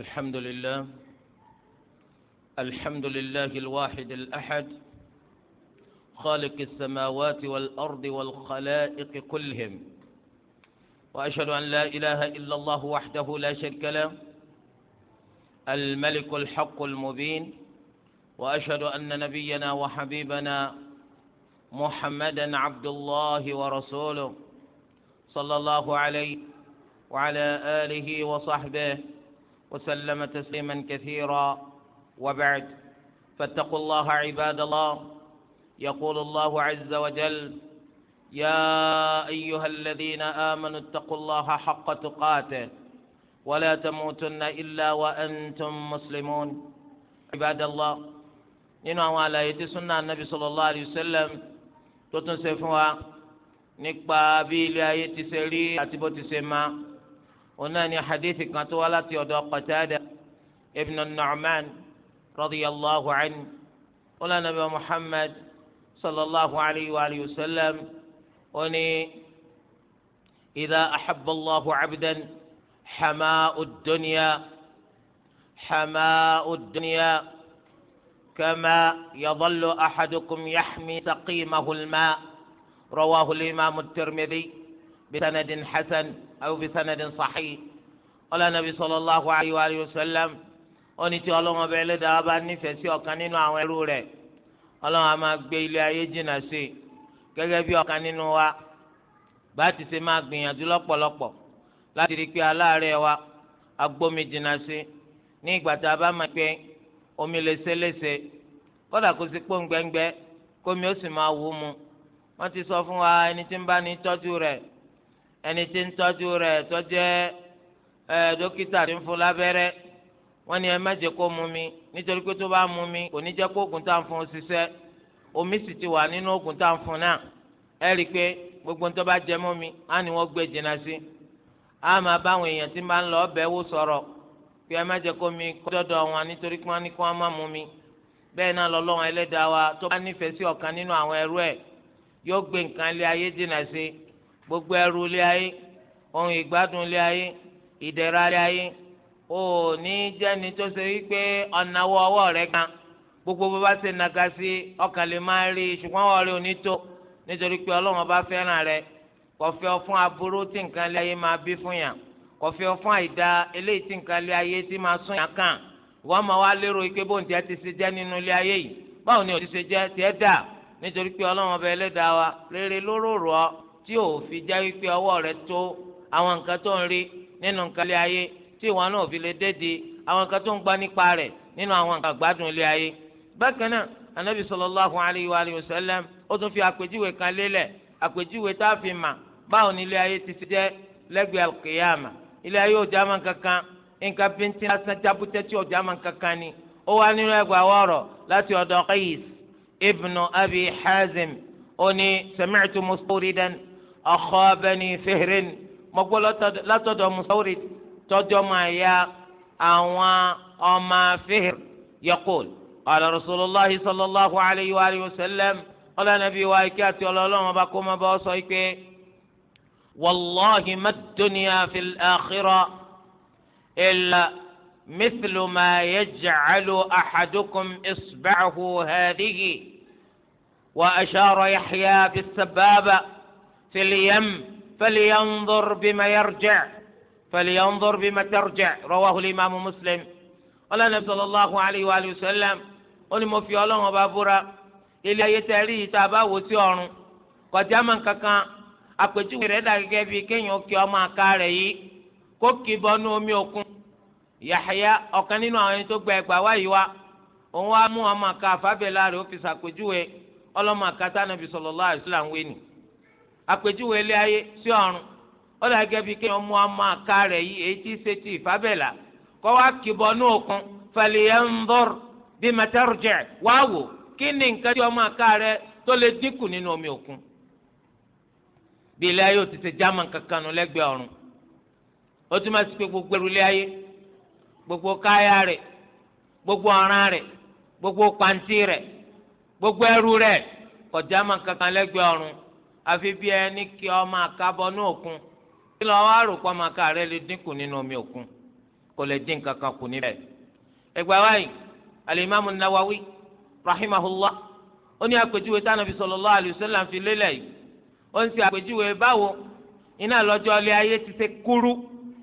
الحمد لله الحمد لله الواحد الأحد خالق السماوات والأرض والخلائق كلهم وأشهد أن لا إله إلا الله وحده لا شريك له الملك الحق المبين وأشهد أن نبينا وحبيبنا محمدا عبد الله ورسوله صلى الله عليه وعلى آله وصحبه وسلم تسليما كثيرا وبعد فاتقوا الله عباد الله يقول الله عز وجل يا ايها الذين امنوا اتقوا الله حق تقاته ولا تموتن الا وانتم مسلمون عباد الله nínú على يد سنة النبي صلى الله عليه وسلم sallam tó بي لايتي سري wa وناني حديث كانت ولاتي ودو قتادة ابن النعمان رضي الله عنه ولا نبي محمد صلى الله عليه وآله وسلم وني إذا أحب الله عبدا حماء الدنيا حماء الدنيا كما يظل أحدكم يحمي سقيمه الماء رواه الإمام الترمذي بسند حسن أو بسند صحيح قال النبي صلى الله عليه وآله وسلم oni tí ọlọ́wọ́n bẹ ẹlẹ́dàá bá nífẹ̀ẹ́ sí ọ̀kan nínú àwọn ẹrú rẹ̀ ọlọ́wọ́n a máa gbé ilé ayé jìnnà sí i gẹ́gẹ́ bí ọ̀kan nínú wa bá ti ṣe máa gbìyànjú lọ́pọ̀lọpọ̀ láti rí i pé aláàárẹ̀ wa agbómi jìnnà sí i ní ìgbà tá a bá máa pé omi léṣe léṣe kódà kó sì pọ́n kómi ó sì máa wù mu wọ́n ti sọ fún wa ẹni tí ń bá ní tọ́jú rẹ̀ ẹni tí ń tọ́jú rẹ̀ tó jẹ́ ẹ dókítà tí ń fún lábẹ́rẹ́ wọ́n ní ẹ má jẹ́ kó mu mi nítorí pé tó bá mi kò ní jẹ́ kó oògùn tá à ń fún un ṣiṣẹ́ omi sì i pé gbogbo tó bá jẹ mọ́ mi á ní wọ́n gbé jìnnà sí á máa báwọn èèyàn tí máa ń lọ mi dọ́dọ̀ wọn nítorí pé wọ́n mu mi bẹ́ẹ̀ náà ẹlẹ́dàá wa tó bá nífẹ̀ẹ́ sí ọ̀kan nínú àwọn ẹrú ẹ̀ yóò gbé nǹkan ayé gbogbo ẹrù ilé ayé ohun ìgbádùn ilé ayé ìdẹ̀ra ilé ayé ò ní jẹ́ni tó ṣe wípé ọ̀nàwọ́ ọwọ́ rẹ̀ gan gbogbo bó bá ṣe nàga sí ọkàn lè máa rí i ṣùgbọ́n ọ̀rẹ́ ò ní tó nítorí pé ọlọ́run bá fẹ́ràn rẹ̀ kò fẹ́ ọ fún aburú tí nǹkan ilé ayé máa bí fún yàn kò fẹ́ ọ eléyìí tí nǹkan ilé ayé tí máa sún yàn kàn ìwọ́n máa wá lérò ike bóun tiẹ̀ ti ṣe jẹ́ nínú ilé ayé yìí báwo ni ò ṣe jẹ́ tiẹ̀ dà nítorí pé ọlọ́run ọba ẹlẹ́dàá wa rere lóró rọ̀ ọ́ tí ò fi já wípé ọwọ́ rẹ tó àwọn nǹkan tó ń rí nínú nǹkan ilé ayé tí ìwọ náà fi lè dédé àwọn nǹkan tó ń gbá nípa rẹ nínú àwọn nǹkan gbádùn ilé ayé bákan náà anabi sallallahu alayhi wa alihi wa sallam ó tún fi àpèjúwe kan lélẹ̀ àpèjúwe tá a fi mà báwo ni ilé ayé ti ti jẹ́ lẹ́gbẹ̀ẹ́ alqiyama ilé ayé ò jáma kankan nǹkan bíntín lásán jábútẹ́ tí ò jáma kankan ni ó wá nínú ẹgbà wọ́ọ̀rọ̀ láti ọ̀dọ̀ Qais ibnu abi Hazim ó ní sami'tu musturidan akha bani Sihrin mo gbọ́ látọ̀dọ̀ Musawrid tọ́jọ́ máa ya àwọn ọmọ Fihr yaqul ala Rasulullahi sallallahu alayhi wa sallam ọlọ́nàbí wa ike àti ọlọ́lọ́wọ́n bá kó ma bá ọ ike wallahi ma mad-dunya fi akhirah ilà mithlu ma jacalu ahadukum isba'ahu hadhihi wa ashara Yahya bis-sababa. في اليم فلينظر بما يرجع فلينظر بما ترجع رواه الإمام مسلم قال النبي صلى الله عليه وآله وسلم قل ما في الله وبابورا إلى يتاري تابا وسيون قدما كاكا àpèjúwe rẹ̀ dà gẹ́gẹ́ bíi kéèyàn kí ọmọ àká rẹ̀ yìí kó kì í bọnú omi òkun Yahya ọ̀kan nínú àwọn ẹni tó gba ẹgbàá wáyé wa òun wá mú ọmọ àká àfábẹ́lá rẹ̀ ó fi ṣàpèjúwe ọlọ́mọ àká tánàbí sallallahu alaihi wasallam ń wé nìí. àpèjúwe ilé ayé sí ọ̀run ó dà gẹ́gẹ́ bíi kéèyàn mú ọmọ àká rẹ̀ yìí èyí tí ìfábẹ́là kọ́ wá kìbọ̀ ní òkun wá wò kí ni nǹkan tí ọmọ àká tó lè dínkù ilé ayé ò ti ṣe kankan gbogbo ilé gbogbo káyà gbogbo ọ̀ràn gbogbo gbogbo kankan lẹ́gbẹ̀ẹ́ àfi bí ẹni kí ọmọ àkábọ ní òkun kí lọ wá rò pọ ọmọ àká rẹ lè dínkù nínú omi òkun kò lè dín kankan kù níbẹ̀. ẹgbẹ́ wáyé alimami nawawi rahimahullah ó ní àpèjúwe tí anabi sallallahu alaihi fi lélẹ̀ yìí ó ń ṣe àpèjúwe báwo iná lọ́jọ́ ilé ti ṣe kúrú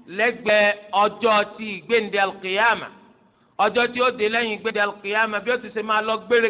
lẹ́gbẹ̀ẹ́ ọjọ́ ti ọjọ́ tí ó dé lẹ́yìn bí ó ti ṣe máa lọ gbére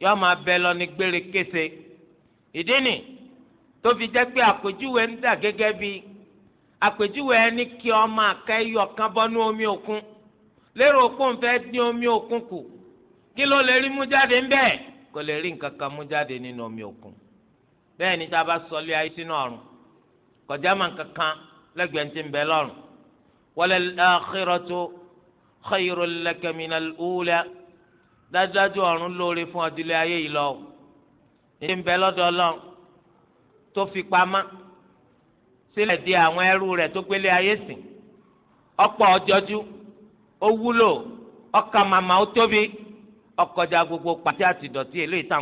yóò máa bẹ lọ ní gbére kése ìdí nì tó fi jẹ́ pé àpèjúwe ń dà gẹ́gẹ́ bí àpèjúwe ẹni kí ọmọ akẹ́yọ̀ kan bọ́nú omi òkun lérò pé òun fẹ́ dín omi òkun kù kí ló lè rí mú jáde ńbẹ̀ kò lè rí nǹkan kan mú jáde nínú omi òkun bẹ́ẹ̀ ni tá a bá sọlé ayé sínú ọ̀run kọjá máa nǹkan kan ń ti ń bẹ lọ́run walal akhiratu khayrun laka minal ula. dájúdájú ọ̀run lóore fún ọdílé ayé yìí lọ ní ń bẹ lọ́dọ̀ ọlọ́run tó fi pamọ́ sílẹ̀ di àwọn ẹrú rẹ tó gbélé ayé sìn ọ̀pọ̀ ọjọ́jú ó wúlò ọkà màmá ó tóbi gbogbo pàtí àti dọ̀tí eléyìí tá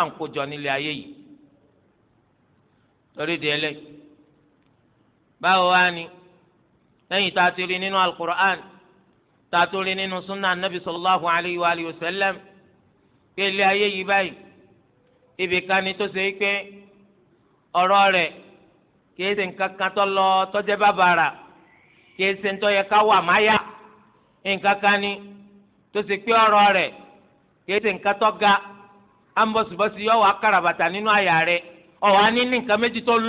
à ń kó jọ nílé ayé yìí torí tààtúrí nínú súnà anábì sallallahu alayhi wa alihi wa sallam pé ilé ayé yìí báyìí ibìkan ni tó ṣe é pé ọ̀rọ̀ rẹ̀ kìí ṣe nǹkan kan tó lọ tọ́jẹ́ bàbàrà kìí ṣe tó yẹ ká wà máyà nǹkan kan ni tó ga ambọ̀sibọ́sì yọ wà kàràbàtà nínú àyà rẹ̀ ọ̀wá ní ní nǹkan méjì tó ń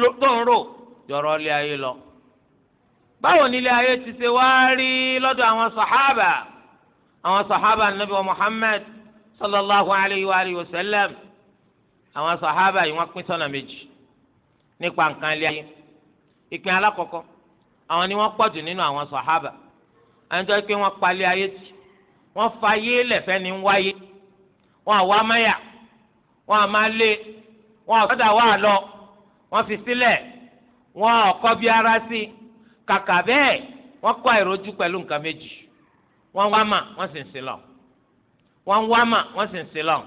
rò jọ̀rọ̀ báwo nílé ayé ti ṣe wá rí lọ́dọ̀ àwọn sàhábà àwọn sàhábà nàbí wa Muhammad sallallahu alayhi wa alihi wa sallam àwọn sàhábà yìí wọ́n pín sọ́nà méjì nípa nǹkan ilé ayé ìpín alákọ̀ọ́kọ́ àwọn ni wọ́n pọ̀jù nínú àwọn sàhábà àwọn tó pé wọ́n palẹ̀ ayé tì wọ́n fa ayé lẹ̀fẹ́ ní wáyé wọ́n àwa máyà wọ́n àmà lé wọ́n àkọ́dà lọ wọ́n fi sílẹ̀ wọ́n ọ̀kọ́ bí ara sí i. kaka bee wọ́n kọ́ àìrójú pẹ̀lú nǹkan méjì wọ́n wá mà wọ́n sì ń sin lọ wọ́n wá mà wọ́n sì ń sin lọ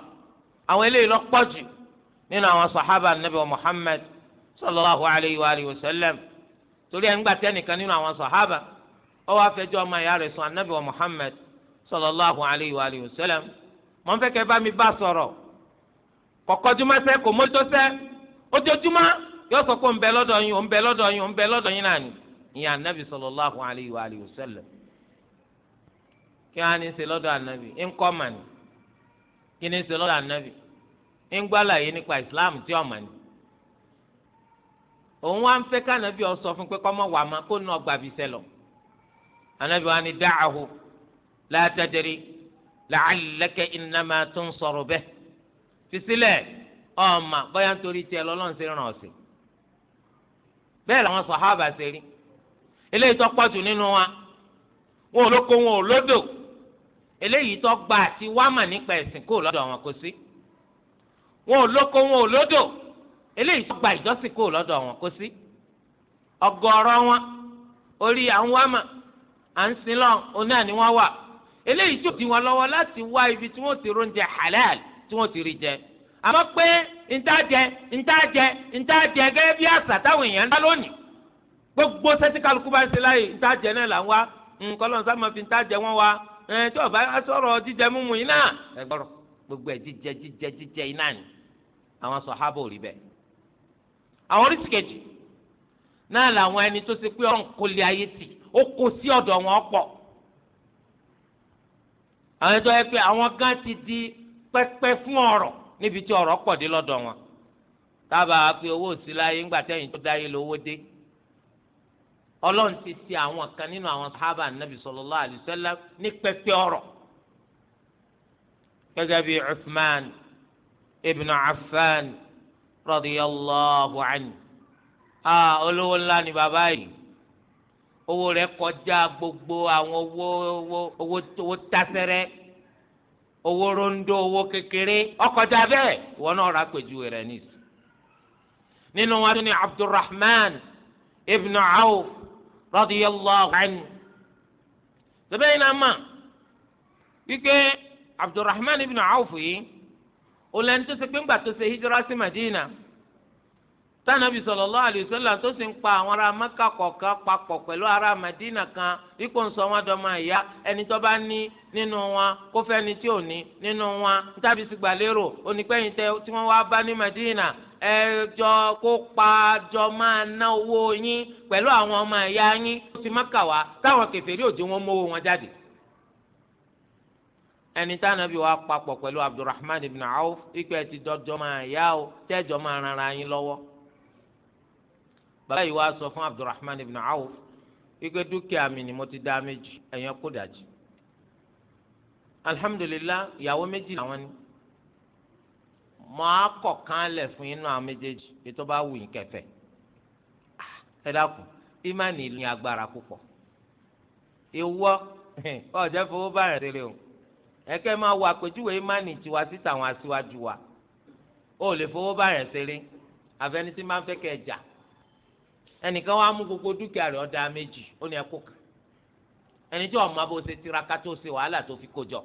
àwọn eléyìí lọ pọ̀ jù nínú àwọn sàhábà nàbẹ̀ Muhammad sallallahu alayhi wa alayhi wa sallam torí ẹ̀ ń gbà nínú àwọn sàhábà ó wá fẹjọ́ ọmọ ìyá rẹ̀ Muhammad sallallahu alayhi wa alayhi wa sallam mọ̀ mi bá sọ̀rọ̀ kò mójútó sẹ́ ojoojúmọ́ yóò sọ pé bẹ lọ́dọ̀ yín bẹ lọ́dọ̀ ìyẹn anabi sallallahu alayhi wa alayhi wa sallam kí wọn á ní í ṣe lọ́dọ̀ anabi ń kọ́ mà ní kí ní í ṣe lọ́dọ̀ anabi ń nípa islam tí ọmọ ní. òun wá ń fẹ́ ká anabi ó fún pé kọ́ wà má anabi wa ni da'ahu nítorí tiẹ̀ lọ́lọ́run ṣe ọ̀sìn bẹ́ẹ̀ làwọn ṣe eléyìí tó pọ̀jù nínú wa wọn ò lóko wọn ò lódò eléyìí tó gba àti wama nipa nípa ẹ̀sìn kó lọ́dọ̀ wọn kó sí wọn ò lóko wọn ò lódò eléyìí tó gba ìjọsìn kó lọ́dọ̀ wọn sí wọn orí à ń sin di wọn lọ́wọ́ láti wá ibi tí wọ́n ti róúnjẹ halal tí wọ́n ti rí jẹ àmọ́ pé ń tá jẹ ń tá jẹ ń gẹ́gẹ́ bí àṣà táwọn èèyàn gbogbo sẹ́tí kálukú bá ń ṣe láyè ń tàjẹ́ náà là ń wá nǹkan lọ́nà sábà fi ń wọn wá tí jíjẹ mímu yìí gbogbo ẹ̀ jíjẹ jíjẹ jíjẹ yìí náà ni àwọn sàhábà ò rí bẹ́ẹ̀. àwọn oríṣi kejì náà làwọn ẹni tó ṣe pé ọ̀n kólé ayé tì ó kó sí ọ̀dọ̀ wọn pọ̀ àwọn ẹjọ́ yẹ pé àwọn gan ti di pẹ́pẹ́ fún ọ̀rọ̀ níbi tí ọ̀rọ̀ pọ̀ dé lọ́dọ̀ wọn pé owó ọlọ́run ti ti àwọn kan nínú àwọn sábà nàbì sallallahu alaihi wasallam ní pẹ́pẹ́ ọ̀rọ̀ gẹ́gẹ́ bíi Uthman ibn Affan radiyallahu anhu ah olówó ńlá ni bàbá yìí owó rẹ̀ kọjá gbogbo àwọn owó owó owó tásẹrẹ owó rondo owó kékeré ọkọjá bẹ́ẹ̀ wọn náà rà pèjúwe rẹ̀ nìyí nínú wọn tún ni Abdulrahman ibn Awf. radiyallahu anhu sẹ́bẹ̀ yìí náà mà wípé abdulrahman ibn awf yìí olè tó ṣe pé ńgbà tó ṣe hijira sí madina tánàbì sallallahu alaihi wasallam tó sì ń pa àwọn ará mẹ́kà kọ̀ọ̀kan papọ̀ pẹ̀lú ará madina kan ipò ń sọ wọn dọ́mọ ìyá ẹni tó bá ní nínú wọn kó madina ẹ jọ kópa jọ máa ná owó yín pẹ̀lú àwọn ọmọ ẹ̀yà yín ó ti Mákà wá táwọn kèfèrí òjò wọn mówó wọn jáde. ẹni tá ànábì wa papọ̀ pẹ̀lú Abdulrahman ibn Auf ikú ẹ ti jọjọ máa yá o tẹ́jọ máa ran ara yín lọ́wọ́. bàbá yìí wá sọ fún Abdulrahman ibn Auf ikú dúkìá mi ni mo ti dá méjì ẹ̀yàn kó dàjì. alhamdulillah ìyàwó méjì làwọn ni mọ akọkan lẹ̀ fún inú àwọn méjèèjì bá wù yín kẹfẹ ẹ dákun ìmánì ní agbára ìwọ fowó o ẹ̀kẹ́ máa wọ àpèjúwe ìmánì tiwa aṣíwájú wa ó lè fowó máa ń jà ẹnìkan gbogbo dúkìá méjì ó ní kan ẹni tí ṣe tiraka tó ṣe wàhálà tó fi kó jọ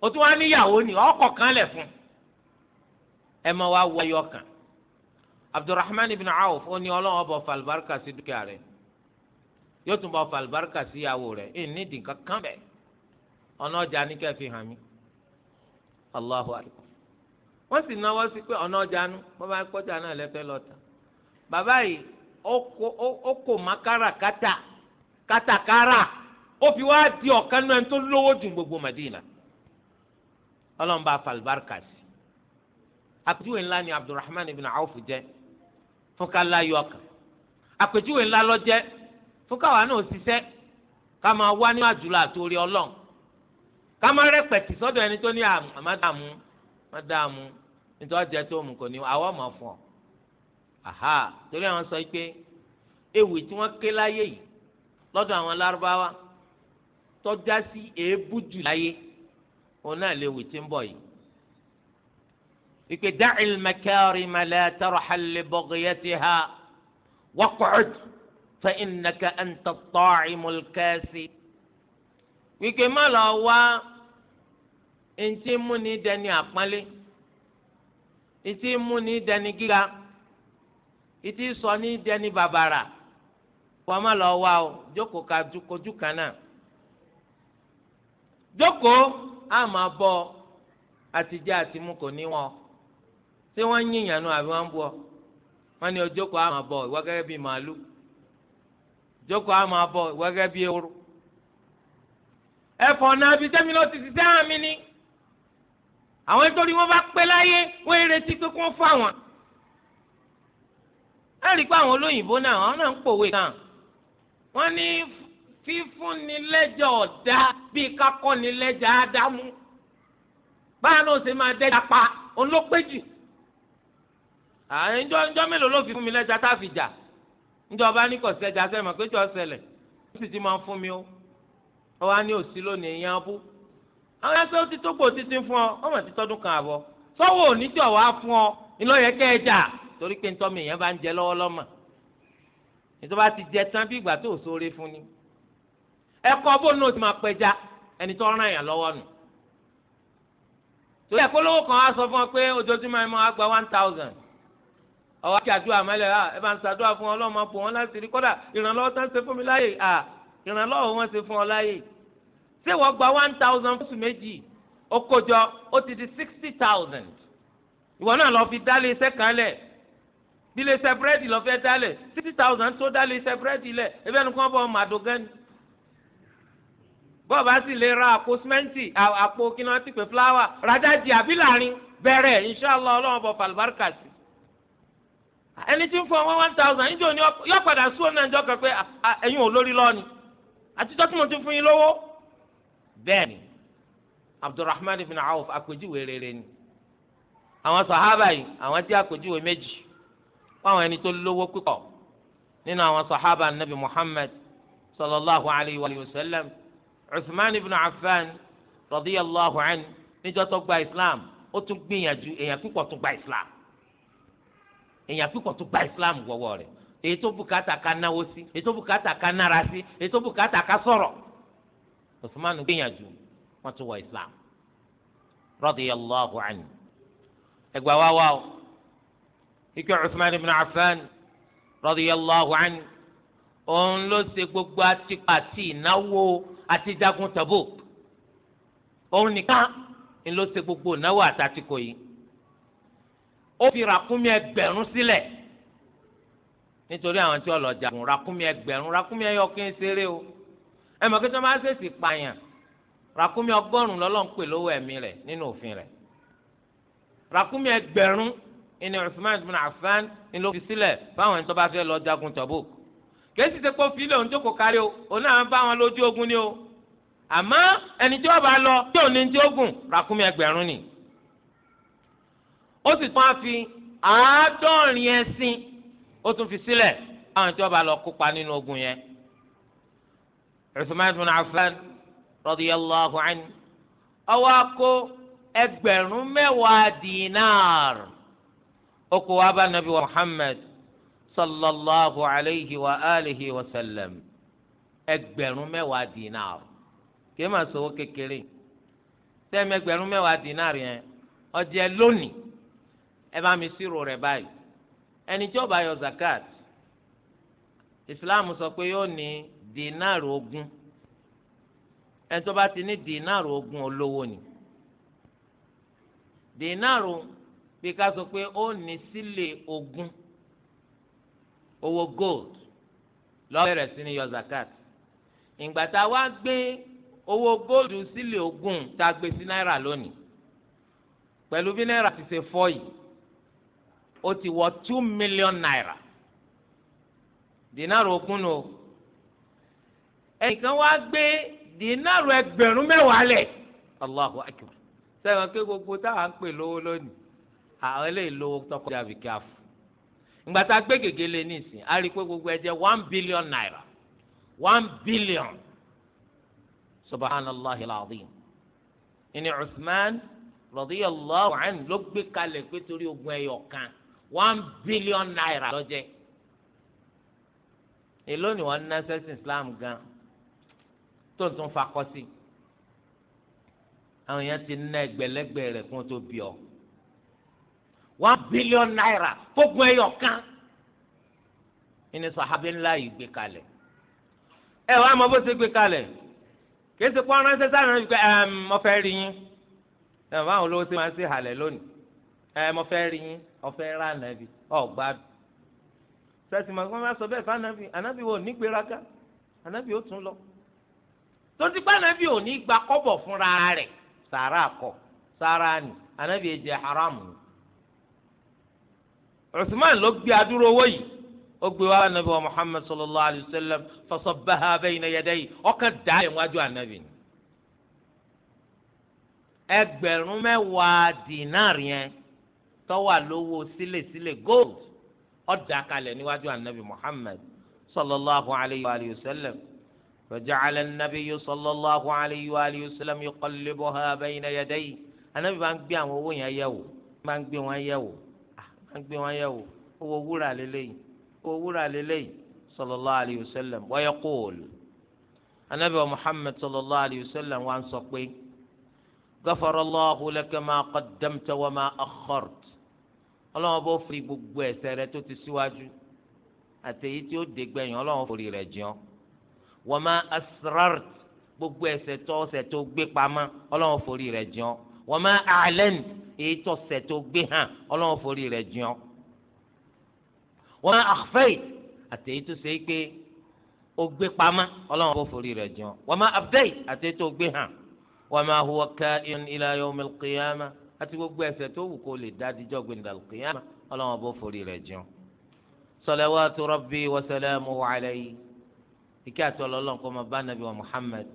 wá fún ẹ máa wá wọ ẹyọ abdulrahman ibn awf ó ní ọlọ́wọ́ bọ̀ falibarika sí dúkìá rẹ̀ yóò tún bọ̀ falibarika sí ìyàwó rẹ̀ ẹ̀ ní ìdí nǹkan kan ọ̀nà ọjà fi hàn mí allahu akbar wọ́n sì náwó sí pé ọ̀nà ọjà nu wọ́n bá náà lọ́ta bàbá yìí ó kò ó fi di ọ̀kan náà tó lówó àpèjúwe ńlá ni abdulrahman ibn awf jẹ fún ká láyọ̀ ọkàn àpèjúwe ńlá ló jẹ́ fún káwa náà ṣiṣẹ́ ká máa wá ní àjùlọ àtòrí ọlọ́run ká máa rẹpẹtì sọ́dọ̀ ẹni tó ní àmàdàmú àmàdàmú nítorí ọjà tó mú kò ní àwọn ọmọ fún ọ àhà torí àwọn sọ pé ewì tí wọ́n ké láyé yìí lọ́dọ̀ àwọn lárúbáwá tọ́já sí èébú jù láyé òun náà léwu tí ń bọ̀ yìí ìpè da'il makarima la tarhal li baghiyatiha waq'ud fa innaka anta at-ta'imul kasi. wíkẹ́ má lọ wá ntí múni dẹni àpọ́nlé ntí múni dẹni gíga ntí sọ ní dẹni bàbàrà wọ́n má lọ wá o jókòó ka kojú kan jókòó àmà bọ́ àtijọ́ àti mú kò ní wọn ṣé wọ́n ń yìnyín àná àbí wọ́n ń bọ̀ wọ́n ní ojókòó àmà bọ̀ ìwọ gẹ́gẹ́ bíi màálù jókòó àmà bọ̀ ìwọ gẹ́gẹ́ bíi ewúro ẹ̀fọ́ náà bíi sẹ́mi náà ti ti dá àmì ni àwọn nítorí wọ́n bá pẹ́ láyé wọ́n retí pé kó fún àwọn ẹ̀rí pé àwọn olóyìnbó náà àwọn náà ń pòwe kan wọ́n ní fífúnni lẹ́jà bíi kákọ́ni lẹ́jà ádámú báyọ̀ náà ṣe máa dẹ́jà pa olópejì àárín jọ́njọ́ mélòó ló fi fún mi lẹ́jà tá a fi jà níjọ́ bá ní kò sẹ́jà sẹ́mọ̀ pé jọ́ sẹlẹ̀ ó sì ti máa fún mi ó ó wá ní òsì lónìí ìyẹn abú àwọn ẹgbẹ́ ó ti tó gbò títí fún ọ ọmọ ti tọ́dún kan àbọ̀ sọ́wọ́ òní tí ọ̀wá fún ọ ìlọ́yẹ kẹ́ẹ̀jà torí pé ntọ́mi ìyẹn bá ń jẹ lọ́wọ́ lọ́mọ ìjọba ti jẹ tán bí ìgbà tó sóore fún ni ẹ̀kọ́ bó náà ti máa pẹja ẹni tó ràn yàn lọ́wọ́ nù torí ẹ̀kọ́ lówó kan wá sọ fún ọ pé ojoojúmọ́ ẹ máa gba one thousand ọwọ́ àti àdúrà mẹ́lẹ̀ à ẹ bá ń ṣàdúrà fún ọlọ́run máa bò wọ́n láti rí kọ́dà ìrànlọ́wọ́ tán ṣe fún mi láàyè à ìrànlọ́wọ́ wọn ṣe fún ọ láàyè ṣé wọ́n gba one thousand fún oṣù méjì ó kójọ ó ti di sixty thousand ìwọ náà lọ fi dálé iṣẹ́ kan lẹ̀ bí lè ṣe búrẹ́dì lọ fẹ́ dálẹ̀ sixty thousand tó dálé iṣẹ́ búrẹ́dì lẹ̀ ebi ẹnu kan bọ̀ màdó gẹ́ni bọ́ọ̀ bá sì lè ra àpò símẹ́ǹtì àpò kí ni wọ́n ti pè fúláwà rájà jì àbí ẹni tí ń fún ọwọ́ one thousand níjẹ́ òní yọ padà sún ọ̀nà ìjọ kan pé ẹ̀yin ò lórí lọ́ọ̀ni àtijọ́ tí mo ti fún yín lówó. bẹ́ẹ̀ni abdulrahman ibn awf àpèjúwe rere ni àwọn sàhábà yìí àwọn tí àpèjúwe méjì fáwọn ẹni tó lówó púpọ̀ nínú àwọn sàhábà nabi muhammad sallallahu alayhi wa sallam usman ibn Afan radiyallahu anhu níjọ́ tó gba islam ó tún gbìyànjú èèyàn púpọ̀ tún gba islam. èyàn àfikọ̀ tó gba islam wọ̀wọ́ rẹ̀ èyí tó bùkátà ká náwó sí èyí tó bùkátà ká nára sí èyí tó bùkátà ká sọ̀rọ̀ usman gbìyànjú wọn ti wọ islam radiyallahu anhu ẹgbàá wa wa o ike usman ibn affan radiyallahu anhu òun ló ṣe gbogbo atipa àti ìnáwó àti jagun Tabuk òun nìkan ló ṣe gbogbo ìnáwó àtàtìkọ yìí ó fi ràkúnmí ẹgbẹ̀rún sílẹ̀ nítorí àwọn tí ọlọ́jà gùn rakumi ẹgbẹ̀rún ràkúnmí ẹyọ kí n ṣeré o ẹ mọ̀ kí tí wọ́n bá ṣèṣì pààyàn ràkúnmí ọgọ́rùn lọ́lọ́ ń pè lówó ẹ̀mí rẹ̀ nínú òfin rẹ̀ ràkúnmí ẹgbẹ̀rún ìní Usman bin Affan ni ló fi sílẹ̀ fáwọn ẹni tó bá fẹ́ lọ jagun Tabuk kèsì ṣe kó filẹ̀ òun jókòó kárí o òun náà bá wọn lójú ogun ni o àmọ́ ẹni tí wọ́n bá lọ tí òun ní ti ogun ràkúnmí ẹgbẹ̀rún ni ó sì tún á fi àádọ́rin si. ó tún fi sílẹ̀ àwọn tí wọ́n lọ kópa nínú ogun yẹn. Uthman ibn Affan radiyallahu anhu ọwọ́ akó ẹgbẹ̀rún mẹ́wàá dinar ó kó bá nabi wa sallallahu alayhi wa alihi wa sallam ẹgbẹ̀rún mẹ́wàá dinar kí ẹ máa sọ owó kékeré tẹ́ẹ̀mẹ́gbẹ̀rún mẹ́wàá dinar yẹn ó lónìí ẹ bá mi sírò rẹ̀ báyìí ẹni tí ó bá yọ zakat islam sọ pé yóò ní dínàrù ogún ẹni tó bá ti ní dínàrù ogún olówó ni dínàrù bí ká sọ pé ó ní sílẹ̀ ogún owó gold ló bẹ̀rẹ̀ sí ní yọ zakat ìgbà tá a wá gbé owó góòlù sílẹ̀ ogún tá a gbé sí náírà lónìí pẹ̀lú bí náírà ti ṣe fọ́ yìí ó ti wọ two million naira dinaru ogún nù ẹnìkan wá gbé dinaru ẹgbẹ̀rún mẹ́wàá lẹ̀ allahu akbar ké gbogbo táwa ń pè lówó lónìí àwọn eléyìí lówó tọkọjá àbíkí àfọ ìgbà tá a gbé gègé nísìn a rí i pé gbogbo ẹ jẹ́ one billion naira one billion subhanallah alaazim ìní usman radiyallahu ló gbé kalẹ̀ pé torí ogun ẹyọ kan one billion naira lọ́jẹ́ èló ni wọ́n ná sẹ́sìn Islam gan tó ń tún fakọ́ sí àwọn èèyàn ti ná ẹgbẹ̀lẹ́gbẹ̀ rẹ̀ kún tó bí ọ one billion naira fógun ẹyọ kan ní sàhábí ńlá yìí gbé kalẹ̀ ẹ wàá mọ bó ṣe gbé kalẹ̀ kí ẹ ti pọ́n ránṣẹ́ sáré náà yìí pé ọ̀fẹ́ rí yín ẹ̀ báwọn olówó ṣe máa ń ṣe halẹ̀ lónìí ẹ mo fere rí yín ọfẹ́ rà ọ ọ̀gbádùn sẹ́sìn màgbọ́n máa sọ bẹ́ẹ̀ fún anabi wo ní gbéraga anabi ó tún lọ ti pa ànábì ò ní gba kọ́bọ̀ fúnra rẹ̀ sàrà kọ sàrà ni anabi ẹ jẹ haramu ni Usman ló gbé adúrò owó yìí ó gbé wa anabi wa Muhammad sallallahu alayhi wa sallam fasabbaha bayna yadayhi ọkàn dá ẹ̀ wájú anabi. ni yẹn. tọ́wà lówó sílẹ̀sílẹ̀ gold ọ̀dà kalẹ̀ níwájú anabi muhammed sallallahu alayhi wa sallam فجعل النبي صلى الله عليه وآله وسلم يقلبها بين يديه anabi máa ń gbé àwọn owó yẹn yẹ̀wò máa ń gbé wọn yẹ̀wò máa ah, ń gbé wọn yẹ̀wò owó wúrà lélẹ́yìn owó wúrà lélẹ́yìn sallallahu alayhi wa sallam wa yaqul anabi wa muhammed sallallahu alayhi wa sallam wa ń sọ pé غفر الله لك ما قدمت وما أخرت ọlọ́run bó fi gbogbo ẹ̀ṣẹ̀ rẹ tó ti síwájú àtẹ̀yí tí ó dé gbẹ̀yìn ọlọ́run forí rẹ̀ jẹun wa ma asrart gbogbo ẹ̀ṣẹ̀ tó ọ̀ṣẹ̀ tó gbé pamọ́ ọlọ́run forí rẹ̀ jẹun wa ma a'lan èyí tó tó gbé hàn ọlọ́run forí rẹ̀ jẹun wa ma akhfayt àtẹ̀yí tó ṣe pé ó gbé pamọ́ ọlọ́run bó forí rẹ̀ jẹun wa ma abdayt àtẹ̀yí tó gbé hàn wa ma huwa ka'in ila àti gbogbo ẹ̀ṣẹ̀ tó wù kó lè dádijọ́ gbendàlùkìyàmà Ọlọ́run bó forí rẹ̀ jẹun. salawatu rabbi wa salamuhu alayhi ike àti ọlọlọ nǹkan ọmọ bá nàbí wa muhammed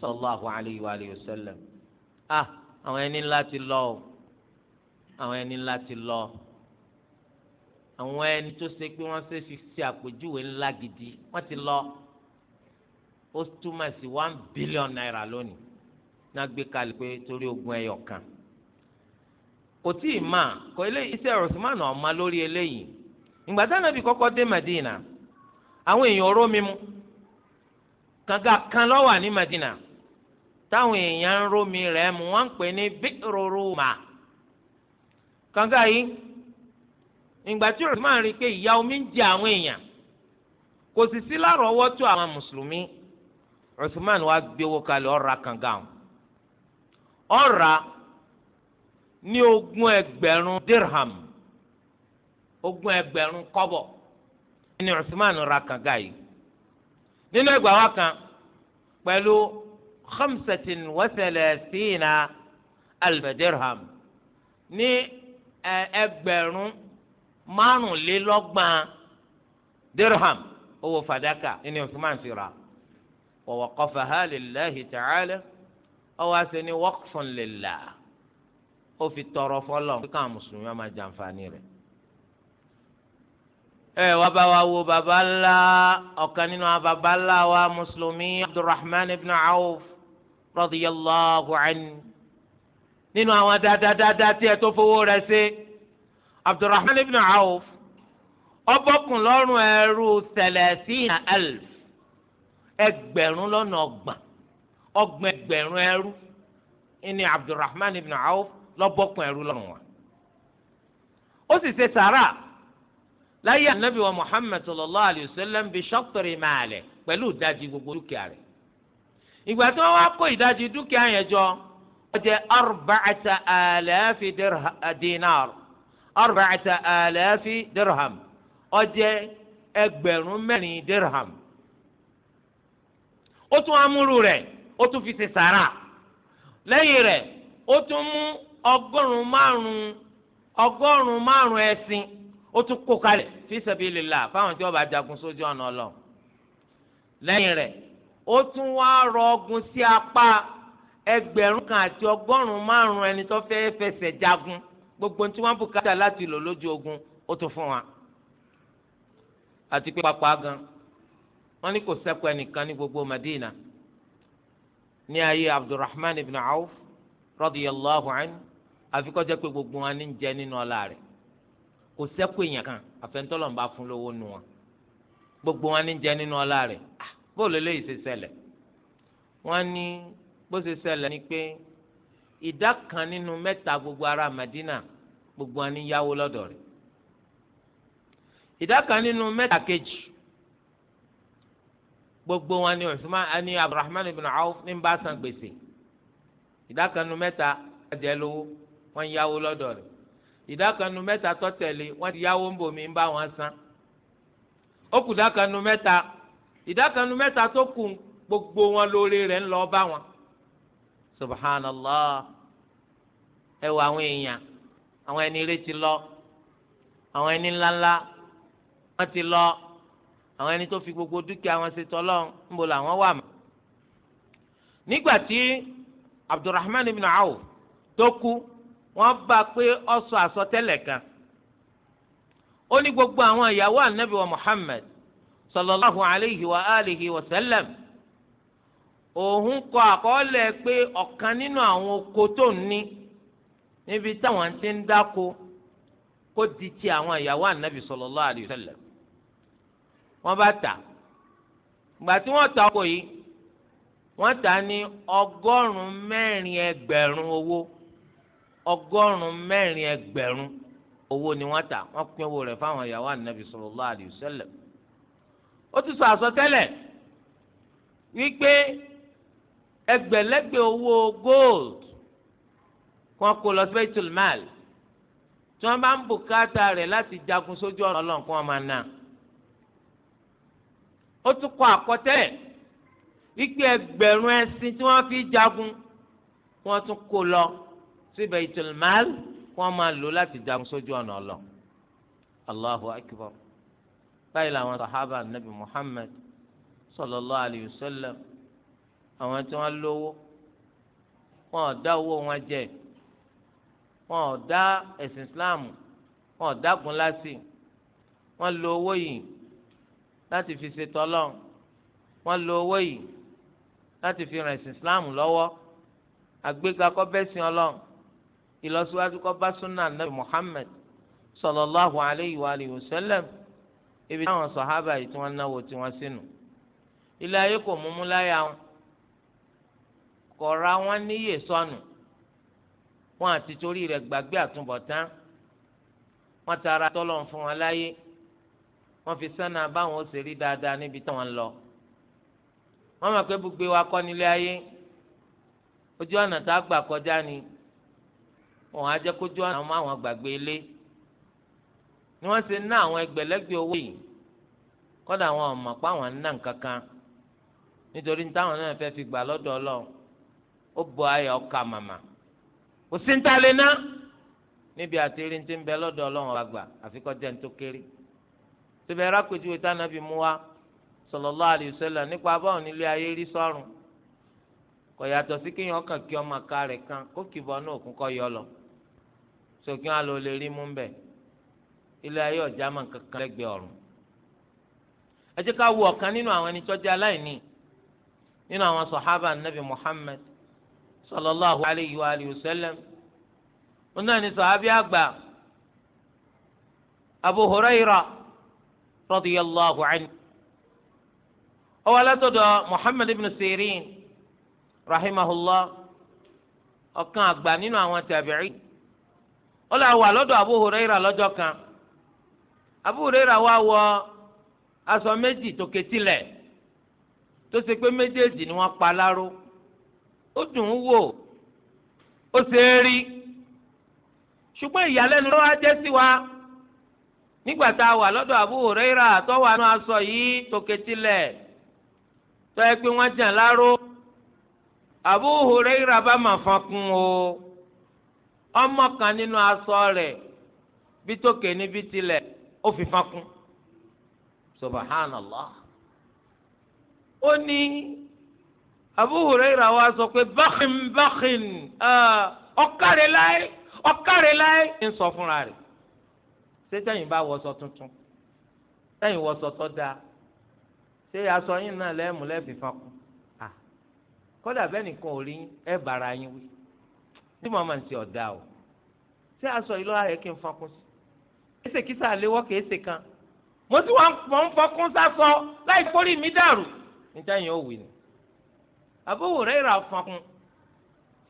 sallallahu alayhi wa alihi wa sallam ah àwọn ẹni ńlá ti lọ o àwọn ẹni ńlá ti lọ àwọn ẹni tó ṣe pé wọ́n ṣe fi ṣe àpèjúwe ńlá gidi wọ́n ti lọ ó túmọ̀ sí one billion naira lónìí náà gbé kalẹ̀ pé torí ogún ẹyọ kan kò tí ì mà kò eléyìí iṣẹ́ Usman ọ̀ma lórí eléyìí ìgbà tí kọ́kọ́ dé Madina àwọn èèyàn oró kan ló ní Madina táwọn èèyàn ń rómi rẹ̀ mu wọ́n ń pè ní bíròrò mà yìí ìgbà tí Usman rí omi ń jẹ àwọn èèyàn kò sì sí lárọ̀ọ́wọ́tó àwọn mùsùlùmí Usman wá gbé owó kalẹ̀ ó ra kànga ní ogún ẹgbẹ̀rún dirham ogún ẹgbẹ̀rún kọ́bọ̀ ní Usman ra kànga yìí nínú ẹgbàá wa kan pẹ̀lú khamsatin wa thalathina alf dirham ní ẹgbẹ̀rún márùnlélọ́gbọ̀n dirham owó fàdákà ní Usman sì ra wa waqafaha lillahi ta'ala ọwọ́ àṣẹ ni waqfun lillah ó fi tọrọ fọlọ kí káwọn mùsùlùmí ọmọ jàǹfààní rẹ̀. ẹ wá bá wa wo baba ńlá ọ̀kan nínú baba ńlá wa mùsùlùmí abdulrahman ibn awf radiyallahu anhu nínú àwọn dáadáa tí ẹ tó fowó rẹ̀ ṣe abdulrahman ibn awf ọbọkùn lọ́rùn ẹrú thalathina alf ẹgbẹ̀rún lọ́nà ọgbọ̀n ọgbọ̀n ẹgbẹ̀rún ẹrú ẹni abdulrahman ibn awf lọ́bọ̀kùn ẹrú lọ́rùn wa ó sì ṣe sàrà láyé anabi wa muhammed sallallahu alayhi wa sallam bi ṣọ́kùtìrì máa lẹ̀ pẹ̀lú ìdajì gbogbo dúkìá rẹ̀ ìgbà tí wọ́n wá kó ìdajì dúkìá yẹn jọ ó jẹ́ arba'ata alafi dinar arba'ata alafi dirham ó jẹ́ ẹgbẹ̀rún mẹ́rin dirham ó tún amúrú rẹ̀ ó tún fi ṣe sàrà lẹ́yìn rẹ̀ ó tún mú ọgọrùn ún márùn-ún márùn-ún ó tún kó kalẹ̀ fi sabilillah fáwọn tí wọ́n bá jagun sójú ọnà ọlọ lẹ́yìn rẹ̀ ó tún wá rọ ọgùn sí apá ẹgbẹ̀rún kan àti ọgọrùn márùn ẹni tó jagun gbogbo tí bùkátà láti lò lójú ogun ó tún fún gan ní kò ẹnìkan Madina ní ayé ibn àfi kó jẹ́ pé gbogbo wọn ní jẹ nínú ọlá rẹ̀ kò sẹ́kù èèyàn kan àfẹnutọ́lọ́n bá fún lówó nu wọn gbogbo wọn ní jẹ nínú ọlá rẹ̀ ah, bóòlù eléyìí ṣe ṣẹlẹ̀ wọ́n ní bó ṣe ṣẹlẹ̀ ni pé ìdá kan nínú mẹ́ta gbogbo ará Madina gbogbo wọn ní yáwó lọ́dọ̀ rẹ̀ ìdá kan nínú mẹ́ta kejì gbogbo wọn ní Usman ani Abdulrahman ibn Auf ní bá san gbèsè ìdá kan nínú mẹ́ta ẹ̀jẹ̀ lówó wọ́n yáwó lọ́dọ̀ rẹ̀ ìdákanu mẹ́ta tó tẹ̀lé wọ́n ti yáwó ń bòmí ń bá wọn san kù dákanu mẹ́ta ìdákanu tó kù gbogbo wọn lórí rẹ̀ ń lọ bá wọn subhanallah ẹ wọ àwọn èèyàn àwọn ẹni ti lọ àwọn ẹni ńláńlá ti lọ àwọn ẹni tó fi gbogbo dúkìá wọn ṣe tọlọ ń làwọn wà Abdulrahman ibn tó wọ́n bá pé ó sọ àsọtẹ́lẹ̀ kan ó ní gbogbo àwọn ìyàwó anabi muhammed sallallahu alayhi wa alihi wa sallam òun kọ àkọọ́lẹ̀ pé ọ̀kan nínú àwọn oko tó ń ní níbi táwọn ti ń dáko kó di ti àwọn ìyàwó anabi sallallahu alayhi wa sallam wọ́n bá tà gbà tí wọ́n ta ọkọ yìí wọ́n ta ní ọgọ́rùn-ún mẹ́rin owó. ọgọ́rùn-ún mẹ́rin ẹgbẹ̀rún owó ni wọ́n tà wọ́n pín owó rẹ̀ fáwọn ìyàwó ànábì sallallahu alaihi wasallam ó ti sọ àsọtẹ́lẹ̀ wípé ẹgbẹ̀lẹ́gbẹ̀ owó gold kí wọ́n kó lọ sí Baitul Mal tí wọ́n bá ń bùkátà rẹ̀ láti jagun sójú ọ̀nà ọlọ́run kí wọ́n máa ná ó tún kọ àkọtẹ́lẹ̀ wípé ẹgbẹ̀rún ẹṣin tí wọ́n fi jagun wọ́n tún kó lọ sí baitul mal wọ́n máa lò láti jagun sójú ọ̀nà ọ̀lọ́ allahu akbar báyìí làwọn sahaba nabi muhammad sallallahu alayhi wa sallam àwọn tí wọ́n lówó wọn ò dá owó wọn jẹ wọn ò dá ẹ̀sìn islam wọn ò dágun lásì wọ́n lo owó yìí láti fi ṣe tọ́lọ́ wọ́n lo owó yìí láti fi ràn ẹ̀sìn islam lọ́wọ́ àgbéga kọ́ bẹ́sìn ọlọ́run ìlọsíwájú kọ́ bá súnà nàbì Muhammad sallallahu alayhi wa alihi wa sallam ibi táwọn sọ̀hábà yìí tí wọ́n náwó tí wọ́n sínú. ilé ayé kò múmú láyà wọn kò ra wọn níyè sọnù wọn àti torí rẹ̀ gbàgbé àtúbọ̀tán wọn tara tọ́lọ̀ fún wọn láyé wọn fi sánà báwọn ó ṣe dáadáa níbi táwọn lọ. wọn mọ̀ pé gbogbo wa kọ́ nílé ayé ojú ọ̀nà tá a gbà kọjá ni. wọn á jẹ́ kójú àwọn ọmọ àwọn gbàgbé ilé ni wọ́n na ná àwọn ẹgbẹ̀lẹ́gbẹ̀ owó yìí kọ́dà àwọn ọmọ pa àwọn ń ná nǹkankan nítorí táwọn náà fẹ́ fi gbà lọ́dọ̀ ọlọ́run ó bọ ayọ̀ ọkà màmá kò sí ń ta ná níbi àti ń bẹ tó kéré rákòjúwe mú wa kan kó kìbọn náà kọ́ yọ lọ. sókè wọn lọ lè rí mú bẹ ilé ayé ọjà máa kankan lẹ́gbẹ̀ẹ́ ọ̀run ẹ jẹ́ ká wo ọ̀kan nínú àwọn ẹni tó jẹ́ aláìní nínú àwọn sọhábà nabi muhammed sallallahu alayhi wa alayhi wa sallam wọn náà ní sọhábì àgbà abu huraira radiyallahu anhu ọwọ alátọdọ muhammed ibn sirin rahimahullah ọ̀kan àgbà nínú àwọn tabi'in. Ọla là wà abụ Abu Huraira lọ́jọ́ kan Abu Huraira wá wọ aṣọ méjì tó ketílẹ̀ tó ṣe pé méjèèjì ni wọ́n pa láró ó dùn ún wò ó ṣe é rí ṣùgbọ́n ìyàlẹ́nu ló wá jẹ́ sí wa nígbà tá a wà lọ́dọ̀ nù aṣọ yìí tó ọmọ kan nínú aṣọ rẹ̀ bí tókè níbi tilẹ̀ ó fi fakún subhanallah ó ní Abu Hurairah wa sọ pé bákin bákin ah, ọ̀kàrẹ̀ láì ọ̀kàrẹ̀ láì ń sọ fúnra rẹ̀ ṣé tẹ̀yìn bá wọṣọ tuntun tẹ̀yìn wọṣọ tó dáa ṣé aṣọ yín náà lẹ́ẹ̀mú lẹ́ẹ̀bì fakún ah. kódà bẹ́ẹ̀ nìkan ò rí ẹ̀ bára yín wí tí màá máa ń ṣe ọ̀dà o ṣé aṣọ ìlú ayẹ kí n fọkún sí ẹsẹ kísà léwọ kì í ṣe kan mo ti wà ń fọkún sásọ láì forí mi dàrú níta yẹn ò wí ni àbúrò rẹ ìrà fọkún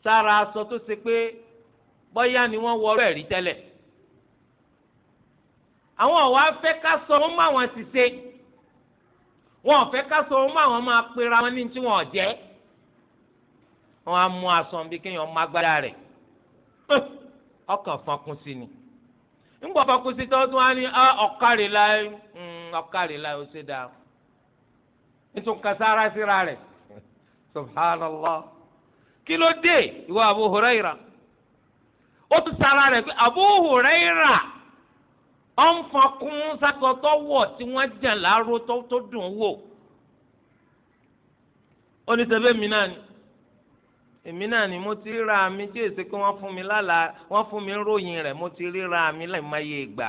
sára aṣọ tó ṣe pé bọ́yá ni wọ́n wọ ẹ̀rí tẹ́lẹ̀ àwọn ọ̀wá fẹ́ ká sọ wọn ti ṣe wọn ò fẹ́ ká sọ wọn máa pera wọn ní tí wọn ò jẹ́ wọn á mú aṣọ bí kéèyàn má gbádá rẹ̀ ọkàn fọkùn sí ni ńgbọ́ fọkùn sí tọ́tún á ní ah, ọ̀kárì láì hmm, ọ̀kárì láì ó ṣe dáa nítorí kasára síra rẹ̀ subhanallah kí ló dé ìwọ Abu Huraira ó tún sára rẹ̀ pé Abu Huraira ó ń fọkùn sákòtò wọ̀ tí wọ́n jẹ̀ láàrú tó dùn wò ó ní sẹ́fẹ̀ mi náà ni èmi náà ni mo ti ríra mi tí èsì pé wọ́n fún mi lálàá wọ́n fún mi ròyìn rẹ̀ mo ti ríra mi láì má yé gbà.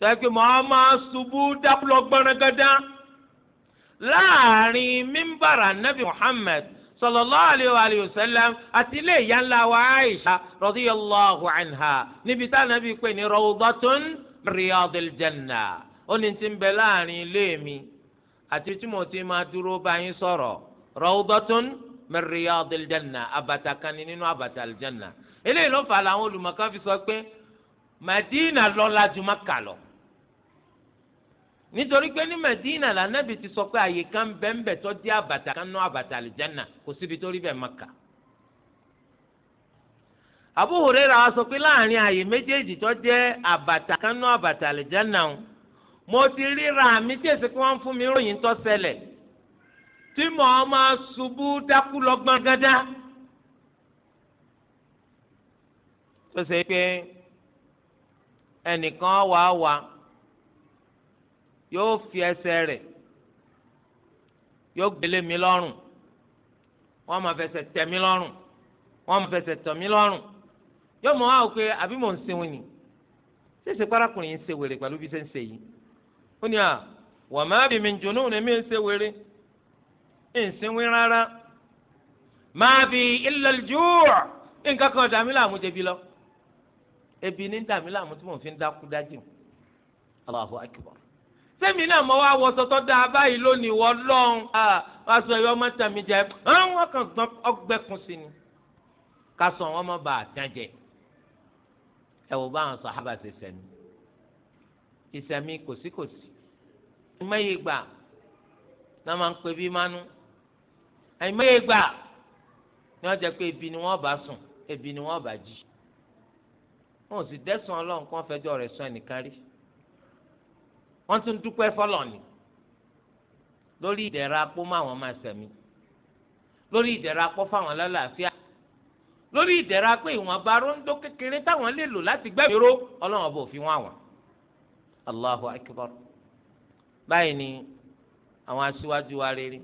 sẹ́kì màá máa ṣubú dábúlọ̀ gbọ́nrẹ́gẹ́dá láàrin mímbàrà nabi Muhammad sallallahu alayhi wa sallam àti ilé ìyá ńlá wa Aisha radiyallahu anha níbi tá nàbí pé ní rawdatun riyadil ó ní ti ń bẹ láàrin ilé mi àti tí mo ti máa dúró bá yín sọ̀rọ̀ rawdatun. min riyadil na abata kan ni nínú abata aljanna eléyìí ló fà làwọn olùmọ̀ọ́ká fi sọ pé madina lọ́lá ju maka lọ nítorí pé ní madina lànàbì ti sọ pé àyè kan bẹ́ẹ̀nbẹ́ẹ́ tó di abata kan abata aljanna kò síbi tó rí bẹ́ẹ̀ maka Abu hore wa sọ pé láàrin àyè méjèèjì tó jẹ́ abata kan abata aljanna mo ti ríra mi tí èsì mi ròyìn tó tí mò ń máa ṣubú dákú lọ gbọ̀ngàdá. tó ṣe pé ẹnìkan wà wá yóò fi ẹsẹ̀ rẹ̀ yóò gbélé mi lọ́rùn wọ́n máa fẹsẹ̀ tẹ̀ mí lọ́rùn wọ́n máa fẹsẹ̀ tọ̀ mí lọ́rùn yóò mọ̀ wá pé àbí mò ń sinwó ni ṣèṣe párakùnrin ń ṣe wèrè pẹ̀lú bí ṣe ń ṣe yìí ó ní à wọ́n máa bì mí jùnú ni mí ń ṣe wèrè nsìnwín rárá máa fi ilẹ̀ jùúrù nǹkan kan dàmí làmú jẹbi lọ ebi ní dàmí làmú tí mò ń fi dákú dájú Allahu akbar sẹ́mi náà mo wá wọṣọ tó dáa báyìí lónìí wọ́n lọ́hùn aṣọ ẹ̀yọ́ mọ́tà mi jẹ́ wọ́n kàn gbọ́n ọgbẹ́kun sí ni ká sọ wọn mọ́ bá a dán jẹ ẹ wò báwọn sàhábà ṣe sẹ́mi ìsẹ̀mí kòsíkòsí mẹ́yìí gbà náà máa ń pè bí mánú àìmọye gbà ni wọ́n jẹ́ pé ebi ni wọ́n bá sùn ebi ni wọ́n bá jí wọn ò sì dẹ́sùn ọlọ́run kí wọ́n fẹjọ́ rẹ̀ sùn ẹnìkan rí wọ́n tún dúpẹ́ fọlọ́ ni lórí ìdẹ̀ra apó máwọn máa sẹ̀mí lórí ìdẹ̀ra apó fáwọn lálàáfíà lórí ìdẹ̀ra pé ìwọ̀nba róńdó kékeré táwọn lè lò láti gbẹ́mìíró ọlọ́run ọba òfin wọn àwọn Allahu akbar báyìí ni àwọn aṣíwájú wa rere.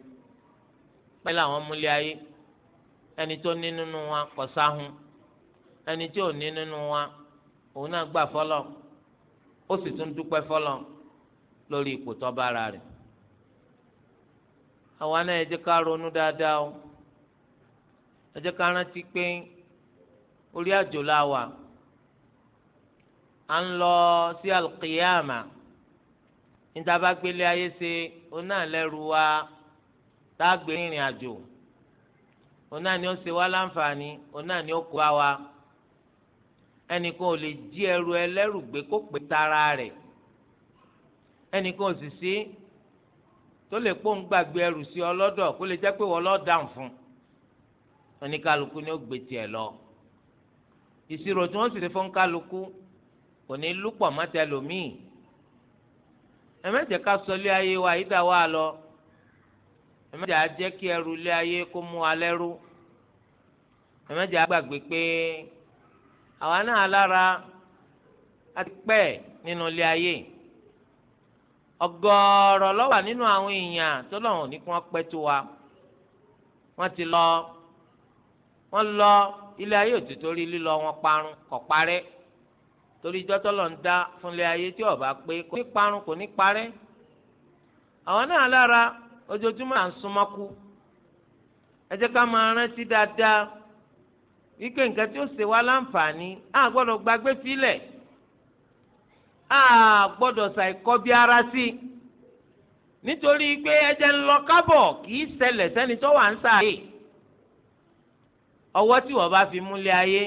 pẹ́ àwọn múlẹ̀ ayé ẹni tó ní nínú wa kọ̀ ẹni tí ò ní nínú wa òun náà gbà fọlọ́ ó sì tún dúpẹ́ fọlọ́ lórí ipò tó ara rẹ̀ àwa dáadáa o pé orí àjò la tágbé ìrìn àjò ọ̀nà ni ó ṣe wá láǹfààní ni ó kó bá wa ò lè jí ẹrù ẹlẹ́rù gbé kó pè tara rẹ̀ ẹnìkan ò sì sí tó lè pọ́n gbàgbé ẹrù sí ọ lọ́dọ̀ kó lè jẹ́ pé wọ́n fún ni ó gbé tiẹ̀ lọ ìṣirò tí wọ́n wa ẹ̀mẹ́jẹ̀ á jẹ́ kí ẹrù ilé ayé kó mú alẹ́ rú ẹ̀mẹ́jẹ̀ á gbàgbé pé àwa náà lára a ti pẹ́ nínú ilé ayé ọ̀gọ̀ọ̀rọ̀ ló wà nínú àwọn èèyàn tó lọ́wọ́ ní kí wọ́n pẹ́ tó wa wọ́n ti lọ wọ́n lọ ilé ayé ò torí lílọ wọn parun kò parẹ́ torí jọ́tọ́ lọ ń dá fúnlé ayé tí ó pé kò ní parun kò ní parẹ́ àwọn náà lára ojoojúmọ́ à ń súnmọ́kú ẹ jẹ́ ká máa rántí dáadáa wípé nǹkan tí ó ṣe wá láǹfààní á gbọ́dọ̀ gbàgbé sílẹ̀ á gbọ́dọ̀ ṣàìkọ́ bí ara sí i nítorí pé ẹ̀jẹ̀ ń lọ kábọ̀ kì í ṣẹlẹ̀ sẹ́ni tó wà ń sàárè ọwọ́ tí wọ́n bá fi múlẹ̀ ayé